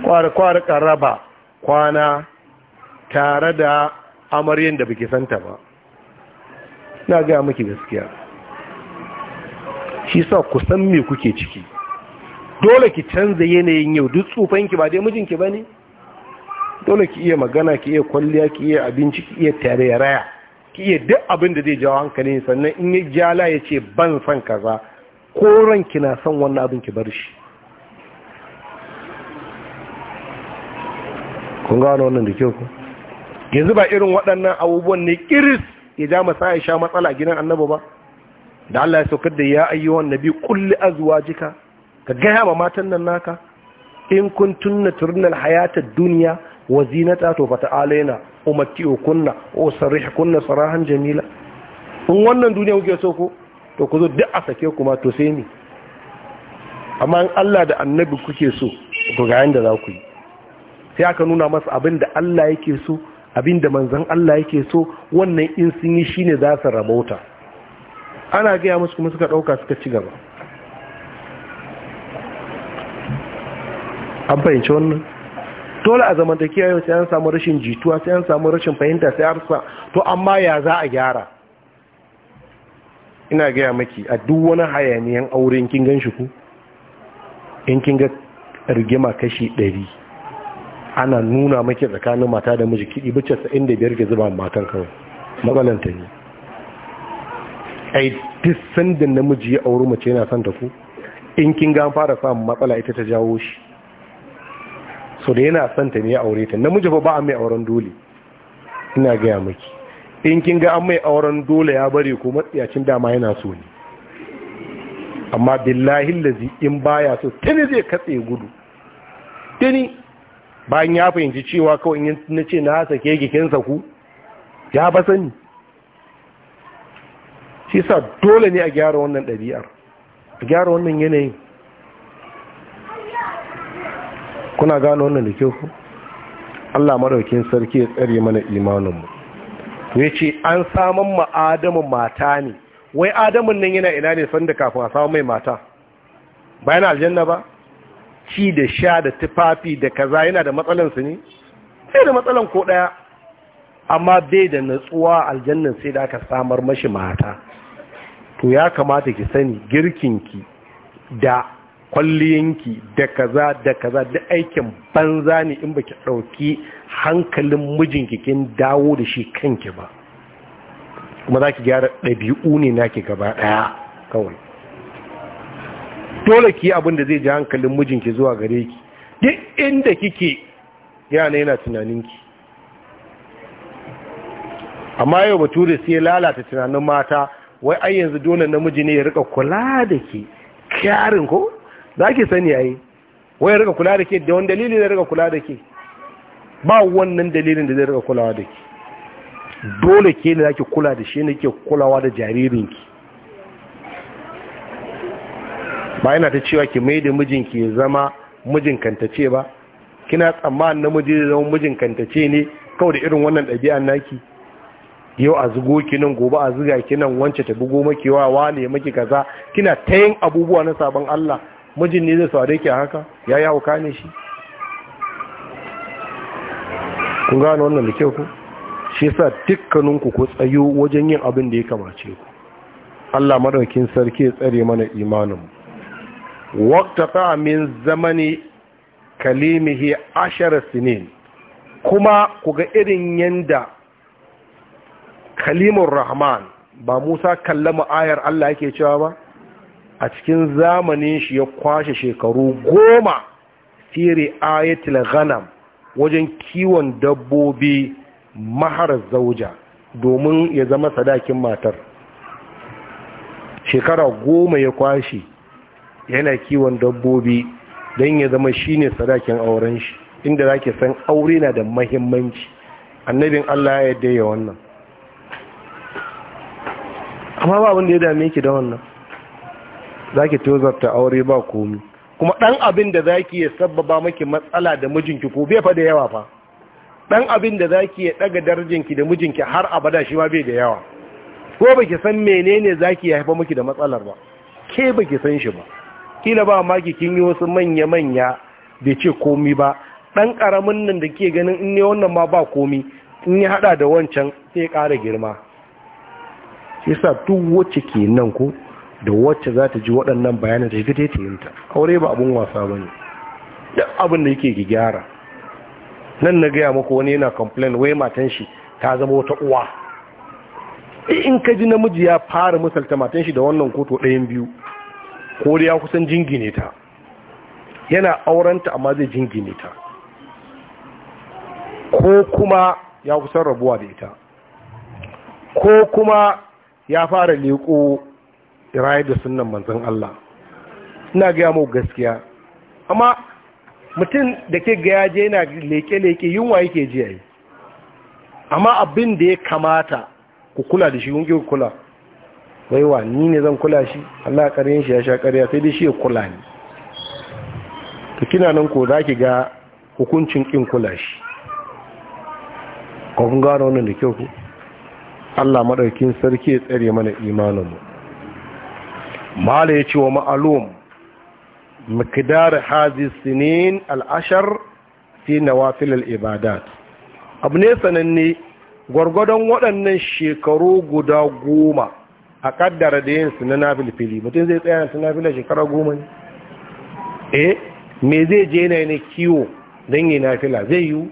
kwari-kwari karaba kwana tare da amaryan da baki santa ba na gaya maki gaskiya shi sa ku san me kuke ciki dole ki canza yanayin yau duk tsufanki ba dai mijinki ba ne dole ki iya magana ki iya kwalliya ki iya abinci ki iya tare raya ki iya duk abin da zai jawo hankali sannan in ya jala ya ce ban san kaza ko ranki na son wannan abin ki bar shi kun gano wannan da kyau ku yanzu ba irin waɗannan abubuwan ne iris ya ja masa ya sha matsala gidan annabi ba da Allah ya saukar da ya ayyuhan nabi kulli jika. ka gaya ma matan nan naka in kun kuntunna turnal hayatad duniya. wazinata to fata alaina umatti'u kunna o sarrih kunna sarahan jamila in wannan duniya kuke so ko to ku zo duk a sake kuma to sai ni amma in Allah da annabi kuke so ku ga yanda za ku yi sai aka nuna masa abinda da Allah yake so abin da manzon Allah yake so wannan in sun yi shine za su rabauta ana gaya musu kuma suka ɗauka suka ci gaba an fahimci wannan dole a zamantakiya yau sai an samu rashin jituwa sai an samu rashin fahimta sai arsa to amma ya za a gyara ina gaya maki a duk wani hayaniyan aure in gan shi ku in kin ga rigima kashi ɗari ana nuna maki tsakanin mata da miji kiɗi bacce sa'in da biyar ke zuba matan kawai ta ne ai duk sanda namiji ya auri mace yana son ta ku in kin ga fara samun matsala ita ta jawo shi so da yana son ta ne ya aure ta namiji fa ba a mai auren dole ina gaya maki in kin ga an mai auren dole ya bari ko matsiyacin dama yana so ne amma billahi lazi in baya so tani zai katse gudu tani bayan ya fahimci cewa kawai in na ce na sake gikin ku ya ba sani shi sa dole ne a gyara wannan ɗabi'ar a gyara wannan yanayin kuna gano wannan da kyau Allah maraukin sarki ya tsare mana imaninmu to ya ce an samun ma adamu mata ne wai adamun nan yana ina ne sanda kafin a samu mai mata bayan aljanna ba ci da sha da tufafi da kaza yana da matsalansu ne sai da matsalan ko ɗaya amma bai da natsuwa aljannan sai da aka samar mashi mata to ya kamata ki sani girkin ki da kwalliyanki da kaza da kaza da aikin banza ne in baki ɗauki hankalin mijinki kin dawo da shi kanki ba kuma za gyara ɗabi'u ne naki gaba daya kawai dole ki abin da zai ji hankalin mijinki zuwa gare ki duk inda kike yana yana tunaninki amma yau bature sai lalata tunanin mata wai ai yanzu dole namiji ne ya rika kula da ke kyarin ko za ki sani yayi wai rika kula da ke da wani dalili da rika kula da ke ba wannan dalilin da zai rika kulawa da ke dole ke da zaki kula da shi ne ke kulawa da jaririnki ba yana ta cewa ki mai da mijinki ya zama mijin kantace ba kina tsammanin namiji da zama mijin kantace ne kawai da irin wannan ɗabi'an naki yau a zugo ki nan gobe a zuga ki nan wance ta bugo maki wa wane maki kaza kina ta abubuwa na sabon Allah mijin ne zai saurare ke haka ya yi hauka ne shi kun gano wannan da kyau ku shi sa dukkaninku ku tsayo wajen yin abin da ya kamace ku Allah madaukin sarki ya tsare mana imanin ta min zamani kalimihi ashar sinin kuma ku ga irin yanda kalimar rahman ba Musa kallama ayar Allah yake cewa ba a cikin zamanin shi ya kwashe shekaru goma fere ayatul ghanam wajen kiwon dabbobi mahar zauja domin ya zama sadakin matar shekara goma ya kwashe yana kiwon dabbobi don ya zama shine sadakin auren shi inda zake san aure na da mahimmanci annabin Allah ya yarda ya wannan amma ba da ya dame ki da wannan za ki tozarta aure ba komi kuma ɗan abin da za ki ya sabbaba maki matsala da mijinki ko bai fa da yawa fa ɗan abin da za ki ya ɗaga darajinki da mijinki har abada shi ma bai da yawa ko ba ki san menene zaki ki ya haifa maki da matsalar ba ke ba ki san shi ba kila ba ma ki kin yi wasu manya-manya bai ce komi ba ɗan karamin nan da ke ganin in ne wannan ma ba komi in ya hada da wancan sai ya ƙara girma shi sa duk wacce ke nan ko da wacce za ta ji waɗannan bayanin da ta ta aure ba abin wasa ba ne duk abin da yake gyara nan na gaya maka wani yana complain wai matan shi ta zama wata uwa in ka ji namiji ya fara misalta matan shi da wannan koto ɗayan biyu ko da ya kusan jingine ta yana aurenta amma zai jingine ta ko kuma ya kusan rabuwa da ita ko kuma ya fara leƙo raye da sunan manzan Allah ina gaya mu gaskiya amma mutum da ke gaya je yana leke-leke yunwa yake ji yi amma abin da ya kamata ku kula da shi ku kula waiwa ni ne zan kula shi Allah karyar shi ya sha karya sai da shi ya kula ne. ta kina nan ko za ki ga hukuncin kin kula shi ko wannan da kyau ku Allah maɗaukin sarki ya tsare mana imanin mu mala ya ce wa ma'alum makidar hazi sinin al'ashar fi nawafil ibadat abu ne sananne gwargwadon waɗannan shekaru guda goma a ƙaddara da yin na filfili mutum zai tsaya na filfili shekara goma ne eh me zai je na yana kiwo don yi fila zai yiwu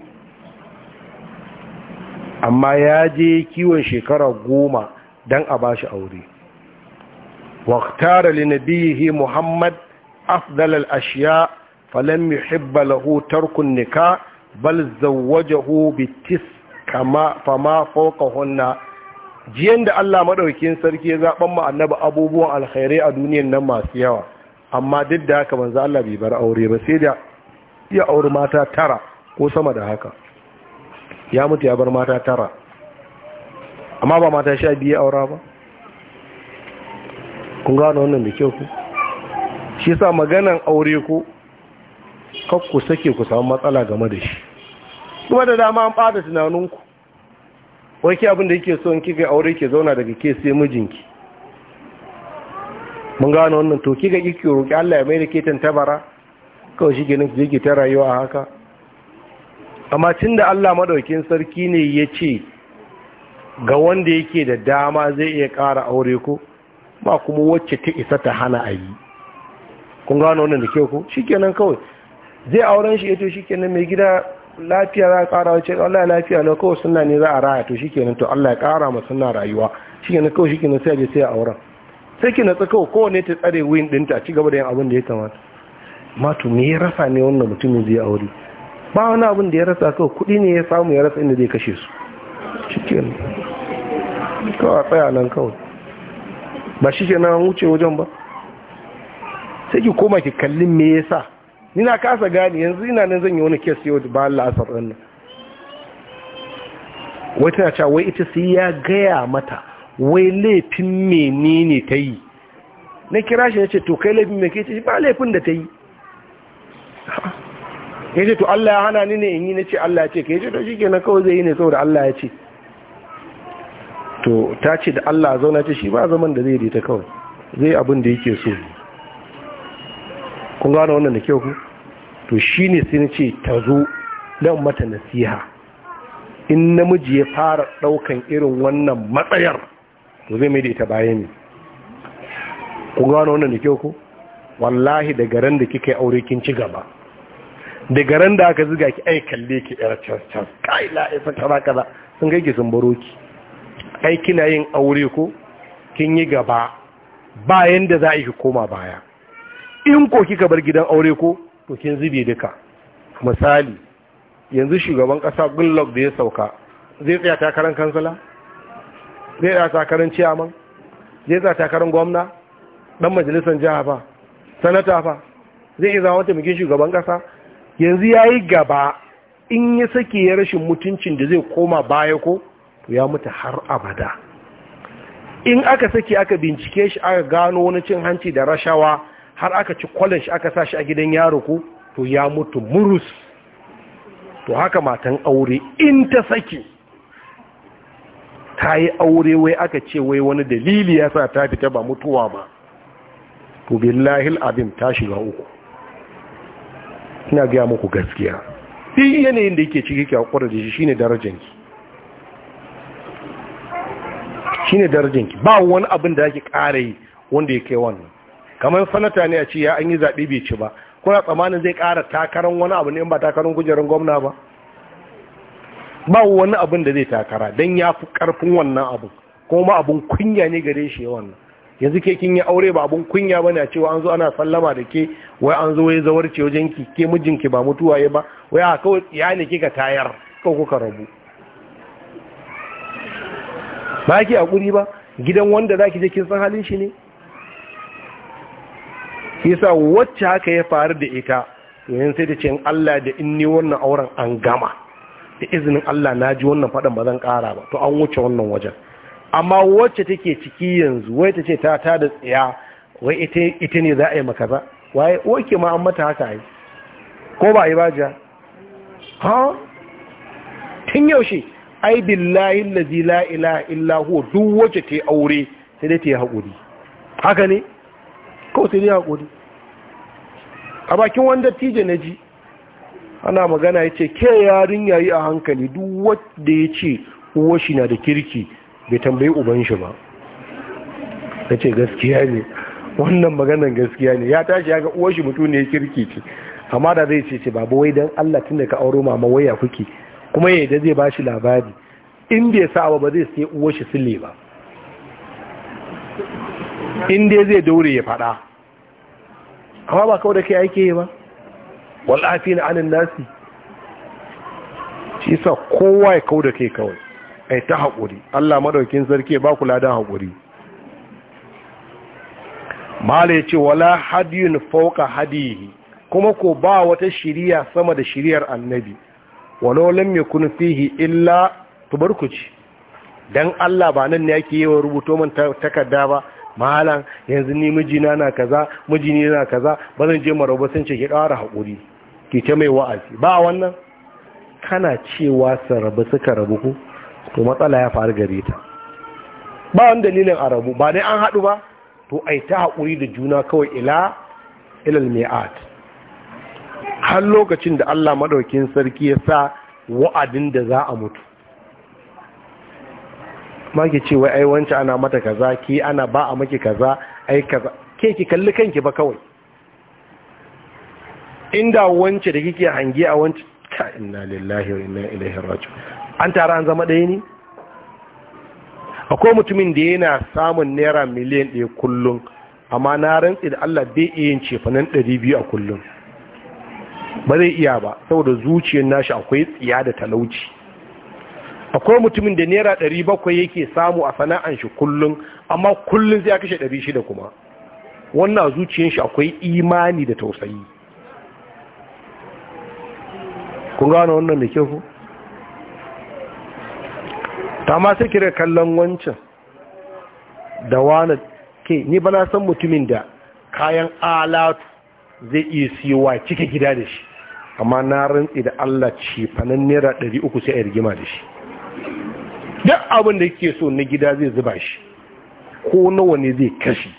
amma ya je kiwon shekara goma don a ba shi aure واختار لنبيه محمد أفضل الأشياء فلم يحب له ترك النكاح بل زوجه بالتس كما فما فوقهن jiyan da Allah madaukakin sarki ya zaben mu annabi abubuwan alkhairai a duniyar nan masu yawa amma duk da haka manzo Allah bi bar aure ba sai da ya auri mata tara ko sama da haka ya mutu ya bar mata tara amma ba mata sha biyu aura ba kun gano wannan da kyau ku shi sa maganan aure ku kakku sake ku samu matsala game da shi kuma da dama an bada tunaninku wai ke abin da yake so in kika aure ke zauna daga ke sai mijinki mun gano wannan to kika kike roki Allah ya mai da ke tantabara kawai shi kenan ki je ta rayuwa a haka amma da Allah madaukin sarki ne ya ce ga wanda yake da dama zai iya ƙara aure ko ba kuma wacce ta isa ta hana a yi kun gano wannan da ku shi shikenan kawai zai auren shi ya eh shi shikenan mai gida lafiya za a kara wace Allah lafiya na kawai suna ne za a raya to shikenan to Allah ya kara ma suna rayuwa shikenan kawai shikenan sai a je sai a auren sai kenan natsa kawai kowane ta tsare wuyin dinta a ci gaba da yin abin da ya kamata mato me ya rasa ne wannan mutumin zai aure ba wani abin da ya rasa kawai kuɗi ne ya samu ya rasa inda zai kashe su shikenan kawai tsaya nan kawai ba shi na an wuce wajen ba sai ki koma ki kalli me yasa ni na kasa gane yanzu ina nan zan yi wani kes yau da bayan la'asar ɗin nan wai tana cewa wai ita sai ya gaya mata wai laifin menene ta yi na kira shi ya ce to kai laifin mai ke ce ba laifin da ta yi ya ce to Allah ya hana ni ne in yi na ce Allah ya ce ka ya ce to shi kenan kawai zai yi ne saboda Allah ya ce to ta ce da Allah zauna ce shi ba zaman da zai yi ta kawai zai abin da yake so kun gano wannan da kyau ku to shi ne sai ce ta zo don mata nasiha in namiji ya fara ɗaukan irin wannan matsayar to zai mai da ita bayan ne kun gano wannan da kyau ku wallahi da garan da kika yi aure kin ci gaba Da garan da aka ziga ki ai kalle ki yar cas can kai la isa kaza kaza sun gaike sun baro ai kina yin aure ko kin yi gaba bayan da za a yi koma baya in ko kika bar gidan aure ko to kin zube duka misali yanzu shugaban kasa gullock da ya sauka zai tsaya takarar kansala zai tsaya takarar ciyaman zai tsaya takarar gwamna dan majalisar jiha fa sanata fa zai iya zama taimakin shugaban kasa yanzu ya yi gaba in ya sake ya rashin mutuncin da zai koma baya ko to ya mutu har abada in aka saki aka bincike shi aka gano wani cin hanci da rashawa har aka ci kwallon shi aka sa shi a gidan yaro ku to ya mutu murus to haka matan aure in ta saki ta yi aure wai aka ce wai wani dalili ya sa ta fita ba mutuwa ba to billahi abin ta shiga uku ina gaya muku gaskiya duk yanayin da yake ciki ki da shi shine darajanki Shi darajin ki? ba wani abin da zaki ƙara yi wanda ya kai wannan kamar sanata ne a ce ya an yi zaɓe bai ci ba kuna tsammanin zai kara takarar wani abu ne ba takarar kujerar gwamna ba ba wani abin da zai takara don ya fi ƙarfin wannan abin kuma abin kunya ne gare shi wannan yanzu ke kin yi aure ba abin kunya ba ne a cewa an zo ana sallama da ke wai an zo ya zawarce wajen ki ke mijinki ba mutuwa ya ba wai a kawai ya ne kika tayar kawai kuka rabu ba ki ƙuri ba gidan wanda zaki je kin san halin shi ne yasa wacce haka ya faru da ita yayin sai da ce Allah da inni wannan auren an gama da izinin Allah na ji wannan fadan ba zan kara ba to an wuce wannan wajen amma wacce take ciki yanzu wai ta ce ta ta da tsaya wai ita ne za a yi maka ba waye oke ma an mata haka yi ko ba yi ba ja ha tun yaushe ai billahi allazi la ilaha illa hu duk wace ta aure sai dai ta haƙuri haka ne kawai sai dai haƙuri a bakin wanda tije na ji ana magana ya ce ke yarin yayi a hankali duk wanda ya ce shi na da kirki bai tambayi uban shi ba ta ce gaskiya ne wannan maganan gaskiya ne ya tashi ya ga shi mutum ne kirki ce amma da zai ce ce babu wai don allah tun da ka auro mama waya kuke kuma yadda zai ba shi labari in bai sa ba zai sai uwa shi sille ba in dai zai daure ya faɗa amma ba kawai da kai aiki yi ba wal'afi na anin nasi shi sa kowa ya kawo da kai kawai ai ta haƙuri allah maɗaukin sarki ba kula da haƙuri mala ya ce wala hadiyun fauka hadiyi kuma ko ba wata shiriya sama da shiriyar annabi walau lam yakun fihi illa tubarkuci dan Allah ba nan ne yake yi wa rubuto man takarda ba malam yanzu ni mijina na kaza ni na kaza ba zan je ba sun ce ki ƙara haƙuri ki ta mai wa'azi ba wannan kana cewa su rabu suka rabu ku to matsala ya faru gare ta ba wani dalilin a rabu ba dai an haɗu ba to ai ta haƙuri da juna kawai ila ilal mi'at har lokacin da Allah maɗaukin sarki ya sa wa'adin da za a mutu maki ce wai ai wance ana mata kaza ki ana ba a maki kaza ai kaza ke ki kalli kanki ba kawai inda wance da kike hange a wance ta inna lillahi wa inna ilaihi raji'un an tara an zama ɗaya ne akwai mutumin da yana samun naira miliyan ɗaya kullum amma na rantsi da Allah bai iya yin cefanen ɗari biyu a kullum ba zai iya ba saboda zuciyar nashi akwai tsiya da talauci akwai mutumin da naira ɗari bakwai yake samu a sana'an shi kullum amma kullum zai kashe ɗari shida kuma wannan zuciyar shi akwai imani da tausayi kun gano wannan da kyau ta ma sai kira kallon wancan da wani ke ni ba na san mutumin da kayan alatu zai iya siyowa cike gida da shi amma na rantsi da Allah ce fanan naira ɗari uku sai a rigima da shi duk abin da ke so na gida zai zuba shi ko nawa ne zai kashi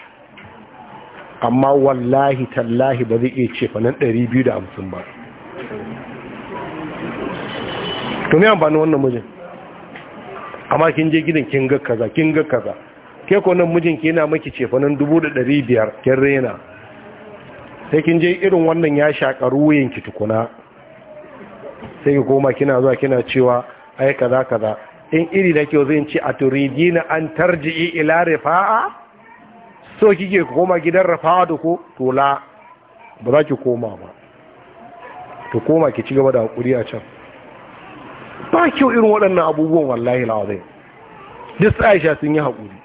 amma wallahi tallahi ba zai iya ce fanan ɗari biyu da hamsin ba to me amfani wannan mijin amma kin je gidan kin ga kaza kin ga kaza ke ko nan mijin yana miki ce 1500 dubu da ɗari biyar kin raina. sai kin je irin wannan ya shaƙa ki tukuna sai ki koma kina zuwa kina cewa ai kaza kaza in iri da kyau zai ci a turidina an tarji ila rifa'a so kike koma gidan rifa'a da ko to ba za ki koma ba to koma ki ci gaba da hakuri a can ba kyau irin waɗannan abubuwan wallahi la'azai duk aisha sun yi hakuri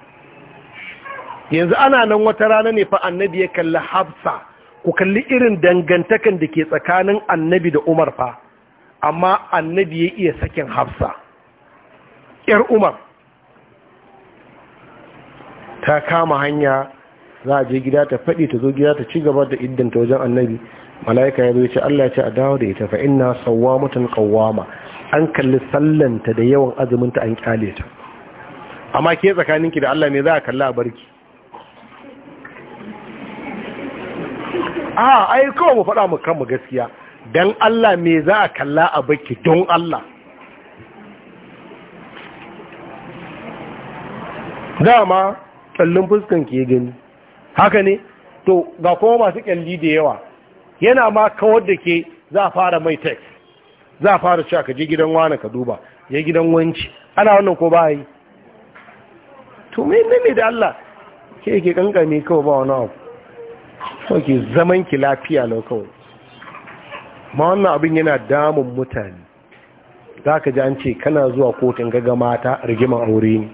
yanzu ana nan wata rana ne fa annabi ya kalli hafsa ku kalli irin dangantakan da ke tsakanin annabi da umar fa amma annabi ya iya sakin hafsa ‘yar umar ta kama hanya za a je gida ta faɗi ta zo gida ta ci gaba da iddanta wajen annabi mala'ika ya zoce ce ya ce a dawo da ita fa na sauwa mutum kawama an kalli sallanta da yawan azuminta an kyale ta amma ke tsakaninki da Allah ne za a kalla a barki a ai kawai mu faɗa mu kanmu gaskiya don Allah me za a kalla a baki don Allah dama kallon fuskan ke gani haka ne to ga kuma masu kyalli da yawa yana ma kawar da ke za a fara mai tex za a fara cewa ka je gidan wani ka duba ya gidan wanci ana wannan ko bayi to mai ne da Allah ke ke kankane kawai ba wani abu sauke zaman ki lafiya lau kawai ma wannan abin yana damun mutane za ka ji an ce kana zuwa kotun gaga mata rigiman aure ne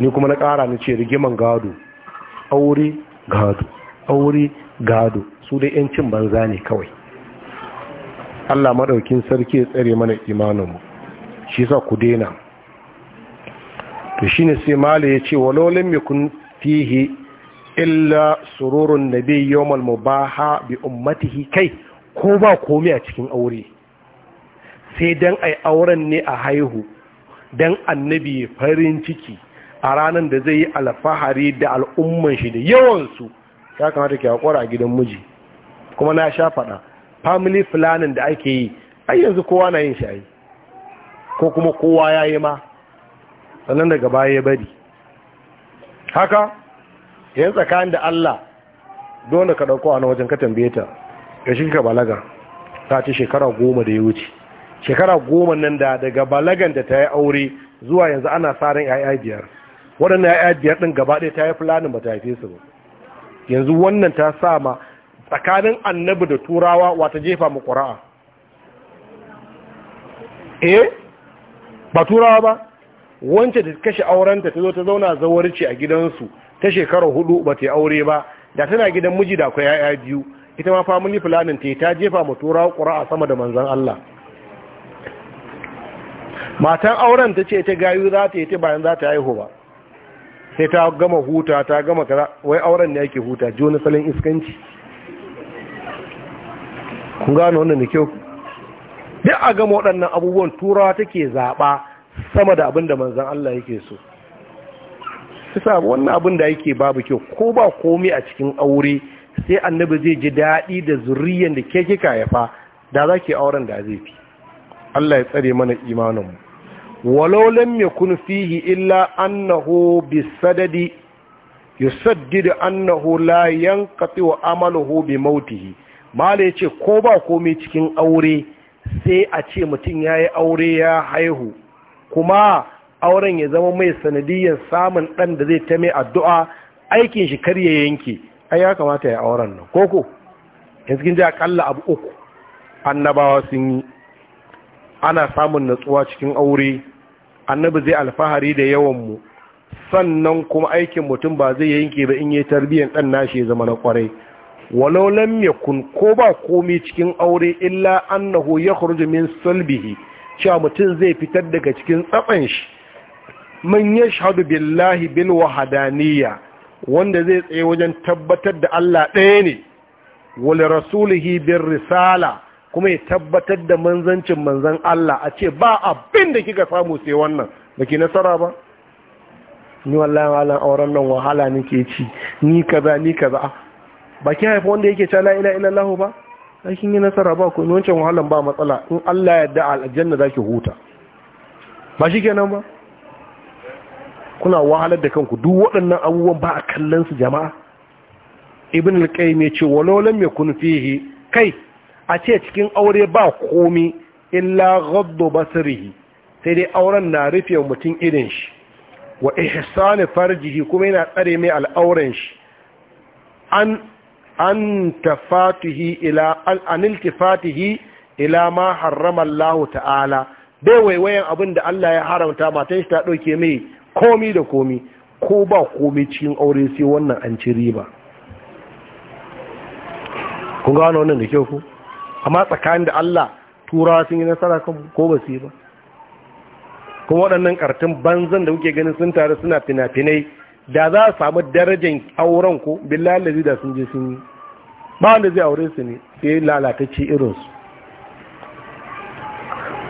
ni kuma na ƙara ni ce rigiman gado aure gado aure gado su dai yancin banza ne kawai Allah maɗaukin sarki ya tsare mana imaninmu shi sa ku daina to shine sai mala ya ce walolin mai kun illa sururun nabi yawmal mubaha bi ummatihi kai ko ba komai a cikin aure sai dan ai auren ne a haihu dan annabi farin ciki a ranar da zai yi alfahari da al'umman shi da yawansu ya kamata ke haƙura a gidan miji kuma na sha faɗa family planning da ake yi ai yanzu kowa na yin shayi ko kuma kowa ya yi ma sannan daga baya ya bari haka yan tsakanin da Allah dole ka dauko a wajen ka tambaye ta ya shi ka balaga ta ce shekara goma da ya wuce shekara goma nan da daga balagan da ta yi aure zuwa yanzu ana sa ran yaya biyar waɗannan yaya biyar ɗin gaba ɗaya ta yi fulanin ba ta haife su ba yanzu wannan ta sa ma tsakanin annabi da turawa wata jefa mu ƙura'a eh ba turawa ba wancan da kashe aurenta ta zo ta zauna zawarci a gidansu ta shekara hudu ba ta aure ba da tana gidan miji da akwai yaya biyu ita ma family planning ta ta jefa mu tura qur'a sama da manzon Allah matan auren ta ce ta gayu za ta yi ta bayan za ta haihu ba sai ta gama huta ta gama kaza wai auren ne yake huta ji wani salon iskanci kun gano wannan da kyau duk a gama waɗannan abubuwan turawa take zaɓa sama da abin da manzan Allah yake so shi sa wannan abin da yake babu kyau ko ba komai a cikin aure sai annabi zai ji daɗi da zurriyan da ke kika yafa da za ki auren da zai fi Allah ya tsare mana imaninmu walau lam yakun fihi illa annahu bisadadi yusaddidu annahu la yanqati wa amaluhu bi mautihi mala yace ko ba komai cikin aure sai a ce mutum yayi aure ya haihu kuma auren ya zama mai sanadiyyar samun ɗan da zai ta mai addu'a aikin shi kar ya yanke ai ya kamata ya auren nan koko yanzu kin ji akalla abu uku annabawa sun yi ana samun natsuwa cikin aure annabi zai alfahari da yawanmu sannan kuma aikin mutum ba zai yanke ba in yi tarbiyyar ɗan nashi ya zama na kwarai walaulan lam kun ko ba komai cikin aure illa annahu ya min salbihi cewa mutum zai fitar daga cikin tsatsan shi man shahadu billahi bil wahadaniya wanda zai tsaye wajen tabbatar da Allah ɗaya ne wani rasulihi bin risala kuma ya tabbatar da manzancin manzan Allah a ce ba abin da kika samu sai wannan ke nasara ba ni wallahi malam auren nan wahala ke ci ni kaza ni kaza ba ki haifa wanda yake ta ila ila Allah ba sai kin yi nasara ba ku ni wancan wahalan ba matsala in Allah ya yarda aljanna zaki huta ba shikenan ba kuna wahalar da kanku duk waɗannan abubuwan ba a kallon su jama'a ibn al-qayyim yace walolan me kun fihi kai a ce cikin aure ba komi illa ghaddu basarihi sai dai auren na rufe mutum irin shi wa ihsan farjihi kuma yana tsare mai al'auran shi an an tafatihi ila an iltifatihi ila ma harrama Allah ta'ala bai waiwayen abin da Allah ya haramta matan shi ta dauke mai komi da komi ko ba komi cikin aure sai wannan an ci riba kun gano wannan da kyau ku amma tsakanin da Allah turawa sun yi nasara kan ko ba su yi ba kuma waɗannan ƙartun banzan da kuke ganin sun taru suna fina-finai da za a samu darajar auren ko billahi da sun je sun yi ba wanda zai aure su ne sai lalatacce irinsu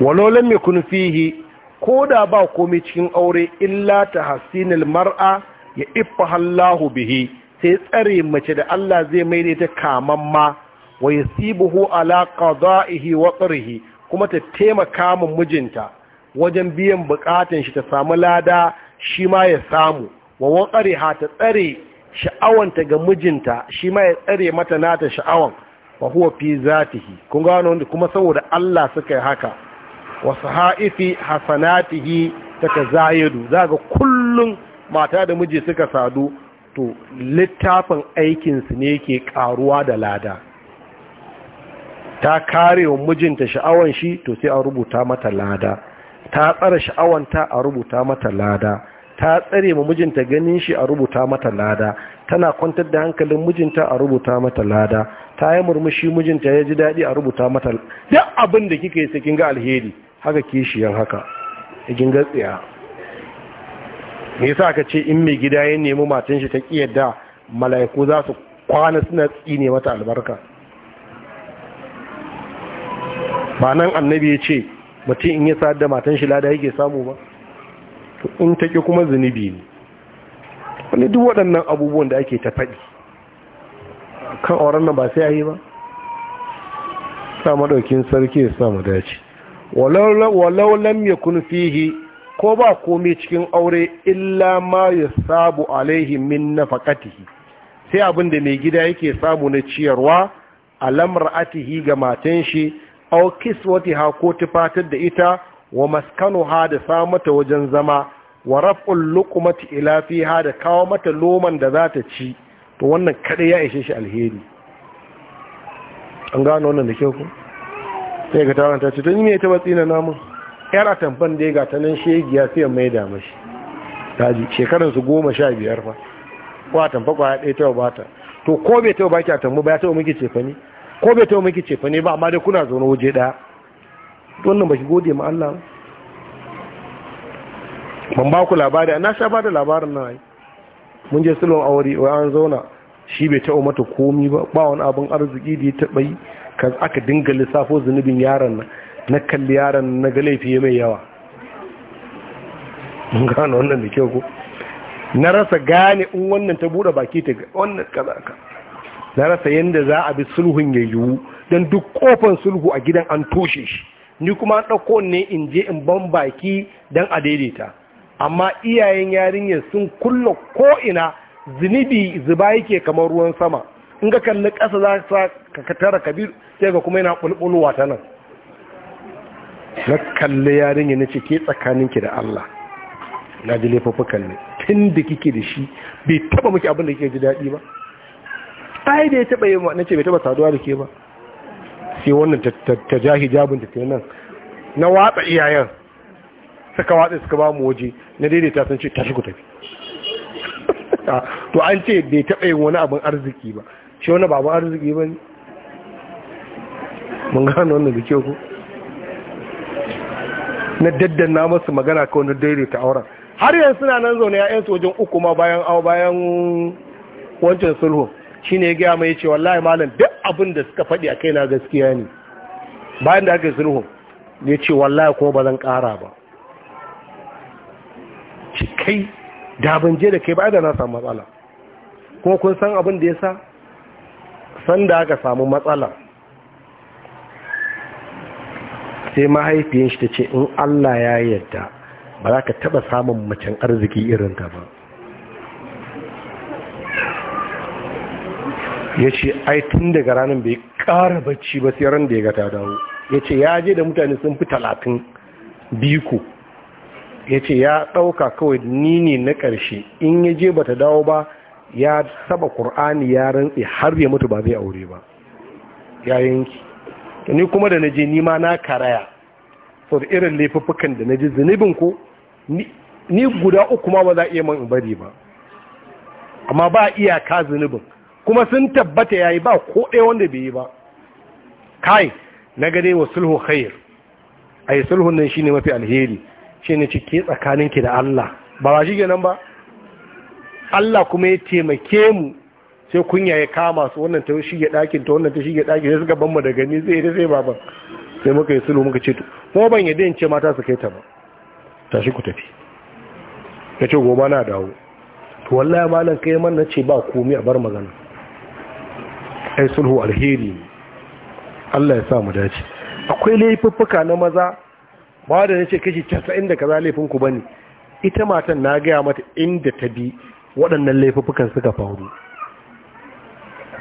walolin mai kun fihi ko da ba komai cikin aure illa ta hasinil mar'a ya ifa hallahu bihi sai tsare mace da Allah zai maida ta kaman ma wa yasibuhu ala qada'ihi wa qarihi kuma ta taimaka min mijinta wajen biyan bukatun shi ta samu lada shi ma ya samu wa waqariha ta tsare sha'awanta ga mijinta shi ma ya tsare mata nata sha'awan wa huwa fi zatihi kun ga wanda kuma saboda Allah suka yi haka wasu ha'ifi hasanatihi ta ka zayedu za ga kullum mata da miji suka sadu to littafin aikinsu ne ke karuwa da lada ta kare wa mijinta sha'awan shi to sai a rubuta mata lada ta tsara sha'awanta a rubuta mata lada ta tsare ma mijinta ganin shi a rubuta mata lada tana kwantar da hankalin mijinta a rubuta mata lada ta yi murmushi mijinta ya ji daɗi a rubuta mata duk abin da kika yi sai kin ga alheri haka kishiyan haka igin gatsiya me sa aka ce in mai gida ya nemi matan shi ta kiyarda mala'iku za su kwana suna tsine mata albarka ba nan annabi ya ce mutum in yi sa'ad da matan shi lada yake samu ba to in ta ke kuma zunubi ne wani duk waɗannan abubuwan da ake ta faɗi kan auren nan ba sai a yi ba sa maɗaukin sarki ya samu dace walau lam yakun fihi ko ba komai cikin aure illa ma ya sabu alaihi min nafaqatihi sai abin da mai gida yake samu na ciyarwa alamra'atihi ga matan shi aw kiswatiha ko tufatar da ita wa ha da sa mata wajen zama wa raf'ul luqmati ila ha da kawo mata loman da za ta ci to wannan kada ya ishe shi alheri an gano wannan da kyau ku sai ga taron ta ce ta nime ta watsi na namun yar atamfan da ya gata nan shegiya sai mai da mashi taji shekaransu goma sha biyar fa ko atamfa kwaya ɗaya ta bata to ko bai ta baki atamfa ba ya taɓa miki cefane ko bai taɓa miki cefane ba amma dai kuna zaune waje ɗaya To wannan baki ki gode ma Allah ban ba ku labari na sha ba da labarin na yi mun je silon aure wa an zauna shi bai taɓa mata komi ba ba wani abin arziki da ya taɓa yi Ka aka dinga lissafo zunubin yaron na kalli yaron na ga laifi mai yawa mun gano wannan da kyau ko na rasa gane in wannan ta bude baki ta wannan kaza ka na rasa yanda za a bi sulhun ya yiwu don duk kofan sulhu a gidan an toshe shi ni kuma an ɗauko ne in je in ban baki don a daidaita amma iyayen yarinyar sun kulla ina zunubi zuba yake kamar ruwan sama in ka kalli ƙasa za sa ka tara kabir sai ga kuma yana bulbulwa ta nan na kalli yarinya na ce ke tsakaninki da Allah na ji laifafi kalli. tun da kike da shi bai taba muke abin da kike ji daɗi ba ai da ya taba yi na ce bai taba saduwa da ke ba sai wannan ta ja hijabin ta nan na watsa iyayen suka watsa suka ba mu waje na daidaita sun ce shi ku tafi to an ce bai taɓa yin wani abin arziki ba shi wani babu arziki ba ne mun gano wannan da ku na daddan na masu magana kawai na daidaita auren har yanzu suna nan zaune ya'yansu wajen uku ma bayan au bayan wancan sulhu shine ya gaya mai ce wallahi malam duk abin da suka faɗi a kai na gaskiya ne bayan da aka sulhu ya ce wallahi kuma ba zan ƙara ba kai da ban je da kai ba da na samu matsala kuma kun san abin da ya sa sanda aka samu matsala sai mahaifiyin shi ta ce in Allah ya yarda ba za ka taba samun macen arziki irin ta ba ya ce ai tun daga ranar bai kara bacci ba sai ran da ya gata dawo ya ce ya je da mutane sun fi talatin biyu ya ce ya ɗauka kawai ni ne na ƙarshe in ya je ba ta dawo ba ya saba ƙur'ani ya rantse har ya mutu ba zai aure ba ya yanki ni kuma da na je nima na karaya sau da irin laifuffukan da na ji zunubin ko ni guda uku ma ba za a iya man bari ba amma ba iyaka zunubin kuma sun tabbata ya yi ba ko ɗaya wanda bai yi ba kai na gade wa sulhu khair a yi sulhun nan shi ne mafi alheri shi ne cike tsakaninki da Allah ba ba shi nan ba Allah kuma ya taimake mu sai kunya ya kama su wannan ta shige ɗakin ta wannan ta shige ɗakin sai suka ban mu da gani sai da sai baban sai muka yi sulu muka ce to kuma ban yadda in ce mata su kai ta ba tashi ku tafi ya ce gobe na dawo to wallahi malam kai man na ce ba komai a bar magana ai sulhu alheri ne Allah ya sa mu dace akwai laifuffuka na maza ba da nace kashi 90 da kaza laifin ku bane ita matan na gaya mata inda ta bi waɗannan laifukan suka faru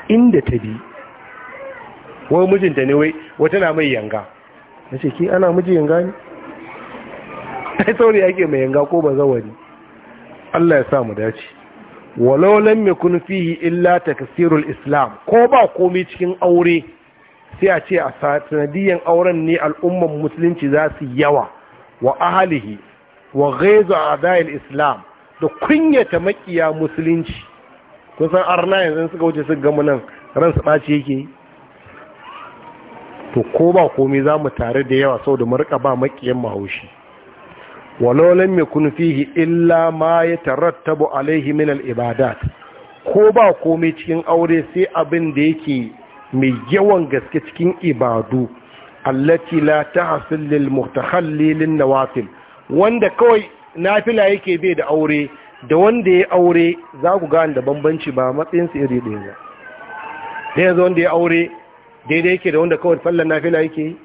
inda ta bi wai mijinta ne wai wata na mai yanga na ce ki ana miji yanga ne ai sauri ake mai yanga ko ba zawari Allah ya sa mu dace walau lam yakun fihi illa takfirul islam ko ba komai cikin aure sai a ce a sanadiyan auren ne al'umman musulunci za su yawa wa ahalihi wa ghaizu a'da'il islam da kunyata makiya musulunci kun san arna yanzu suka wuce su gamu nan ran su ɓaci yake yi to ko ba komai za mu tare da yawa saboda da marka ba makiyan mahaushi walolan mai kun fihi illa ma ya tarattabu alaihi min al'ibadat ko ba komai cikin aure sai abin da yake mai yawan gaske cikin ibadu allati la tahsil lil mutahalli lin nawafil wanda kawai nafila yake bai da aure da wanda ya aure za ku gane da bambanci ba matsayinsu iri ɗaya ba da yanzu wanda ya aure daidai yake da wanda kawai sallar nafila yake yi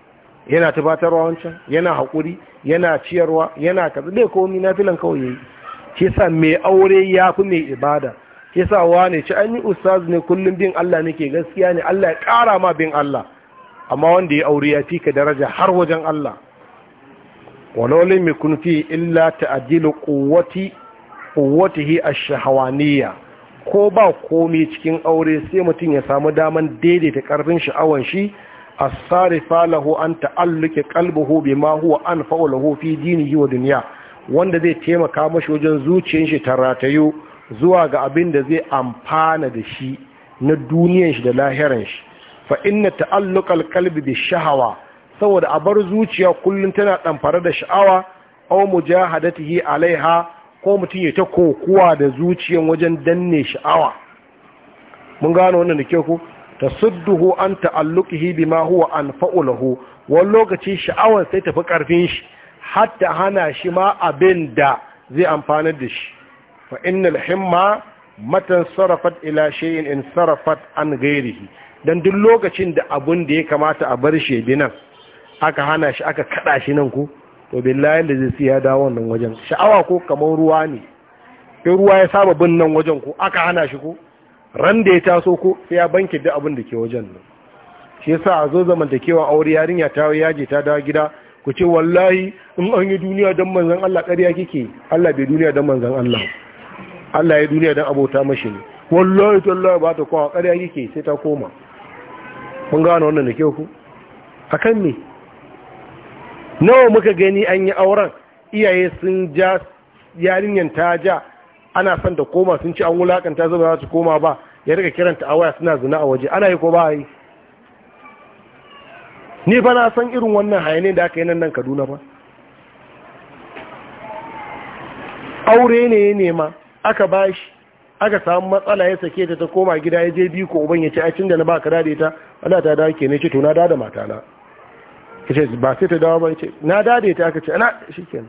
yana tubatarwa wancan yana haƙuri yana ciyarwa yana kaza dai komi nafilan kawai ya yayi ke sa mai aure ya fi mai ibada ke sa ne ci an yi ustaz ne kullum bin Allah nake gaskiya ne Allah ya ƙara ma bin Allah amma wanda ya aure ya fi ka daraja har wajen Allah walau mikunfi yakun fi illa ta'dilu quwwati quwwatihi ash-shahwaniyya ko ba komai cikin aure sai mutum ya samu daman daidaita karfin sha'awan shi as-sarifa lahu an ta'alluqi qalbuhu bima huwa anfa'u lahu fi dinihi wa dunya wanda zai taimaka mashi wajen zuciyar shi ta ratayo zuwa ga abin da zai amfana da shi na duniyar shi da lahiran shi fa inna ta'alluqal qalbi bi shahawa saboda a bar zuciya kullum tana ɗamfare da sha'awa au mujahadatihi alaiha ko mutum ya ta kokuwa da zuciyan wajen danne sha'awa mun gano wannan da ke ku sudduhu, an ta'alluqihi bima huwa anfa'u lahu wani lokaci sha'awar sai tafi karfin shi hatta hana shi ma abin da zai amfanar da shi fa innal himma matan sarrafat ila shay'in in sarrafat an ghairihi dan duk lokacin da abun da ya kamata a bar shi nan. aka hana shi aka kada shi nan ko to billahi da zai siya dawo wannan wajen sha'awa ko kamar ruwa ne sai ruwa ya saba bin nan wajen ko aka hana shi ko ran da ya taso ko sai ya banke duk abin da ke wajen nan shi yasa a zo kewa aure yarinya ta yaje ta dawo gida ku ce wallahi in an yi duniya don manzan Allah ƙarya kike Allah bai duniya don manzan Allah Allah ya duniya don abota mashi ne wallahi tallahi ba ta kowa ƙarya kike sai ta koma kun gano wannan da ke ku akan ne. nawa muka gani an yi auren iyaye sun ja yarinyar ta ja ana son ta koma sun ci an wulakanta zama za su koma ba ya rika kiranta a waya suna zina a waje ana yi ko ba yi ni ba na san irin wannan hayane da aka yi nan nan kaduna ba aure ne ya nema aka shi aka samu matsala ya sake ta ta koma gida ya je biyu ko uban ya ce a cin da na ba ka dade ta ana ta dawo ke ne ce na da da matana Ka ce ba sai ta dawo ba ya ce na dade ta aka ce ana shi kenan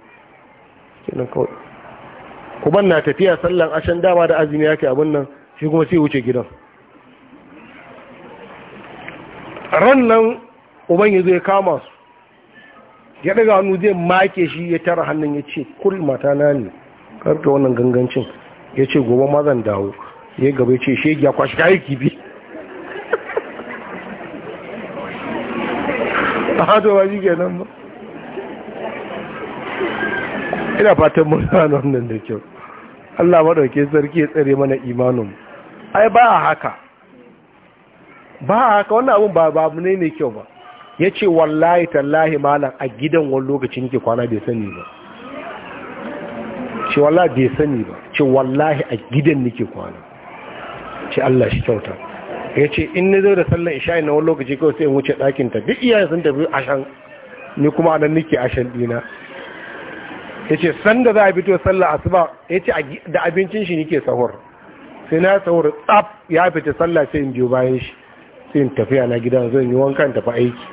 nan kawai kuban na tafiya sallan ashen dama da azumi yake abin nan shi kuma sai wuce gidan ran nan uban ya zo ya kama su ya daga hannu zai make shi ya tara hannun ya ce kul na ne karfe wannan gangancin ya ce gobe mazan dawo ya gaba ya ce shegi ya kwashi kayan kifi fatowa shi kenan ba ina fatan mun gano wannan da kyau Allah madauke sarki ya tsare mana imanin ai ba haka ba haka wannan abun ba babu ne ne kyau ba yace wallahi tallahi malam a gidan wani lokaci nake kwana bai sani ba ce wallahi bai sani ba ce wallahi a gidan nake kwana ce Allah shi kyauta ya ce in na zo da sallan isha'i na wani lokaci kawai sai in wuce ɗakin ta duk iyayen sun tafi ashan ni kuma anan nake ashan dina ya ce san da za a fito sallah asuba ya ce da abincin shi nike sahur sai na sahur tsaf ya fita sallah sai in biyo bayan shi sai in tafiya na gidan zan yi wankan tafi aiki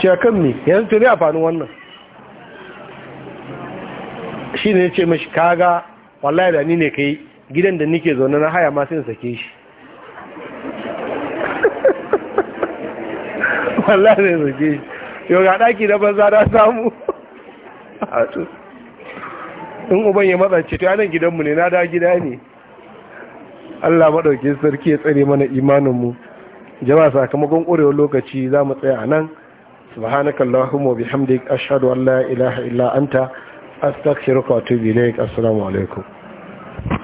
ce kan me yanzu tuni ne a fanin wannan shi ne ya ce mashi kaga wallahi da ni ne ka yi gidan da nike zaune na haya ma sai sake shi wallah sai sake shi yau ga ɗaki da banza na samu in uban ya matsance to yanar gidanmu ne na da gida ne Allah maɗauki sarki ya tsare mana imaninmu jama'a sakamakon ƙorewar lokaci za mu tsaya a nan subhanakallahumma bihamdik ashadu an la ilaha illa anta astaghfiruka wa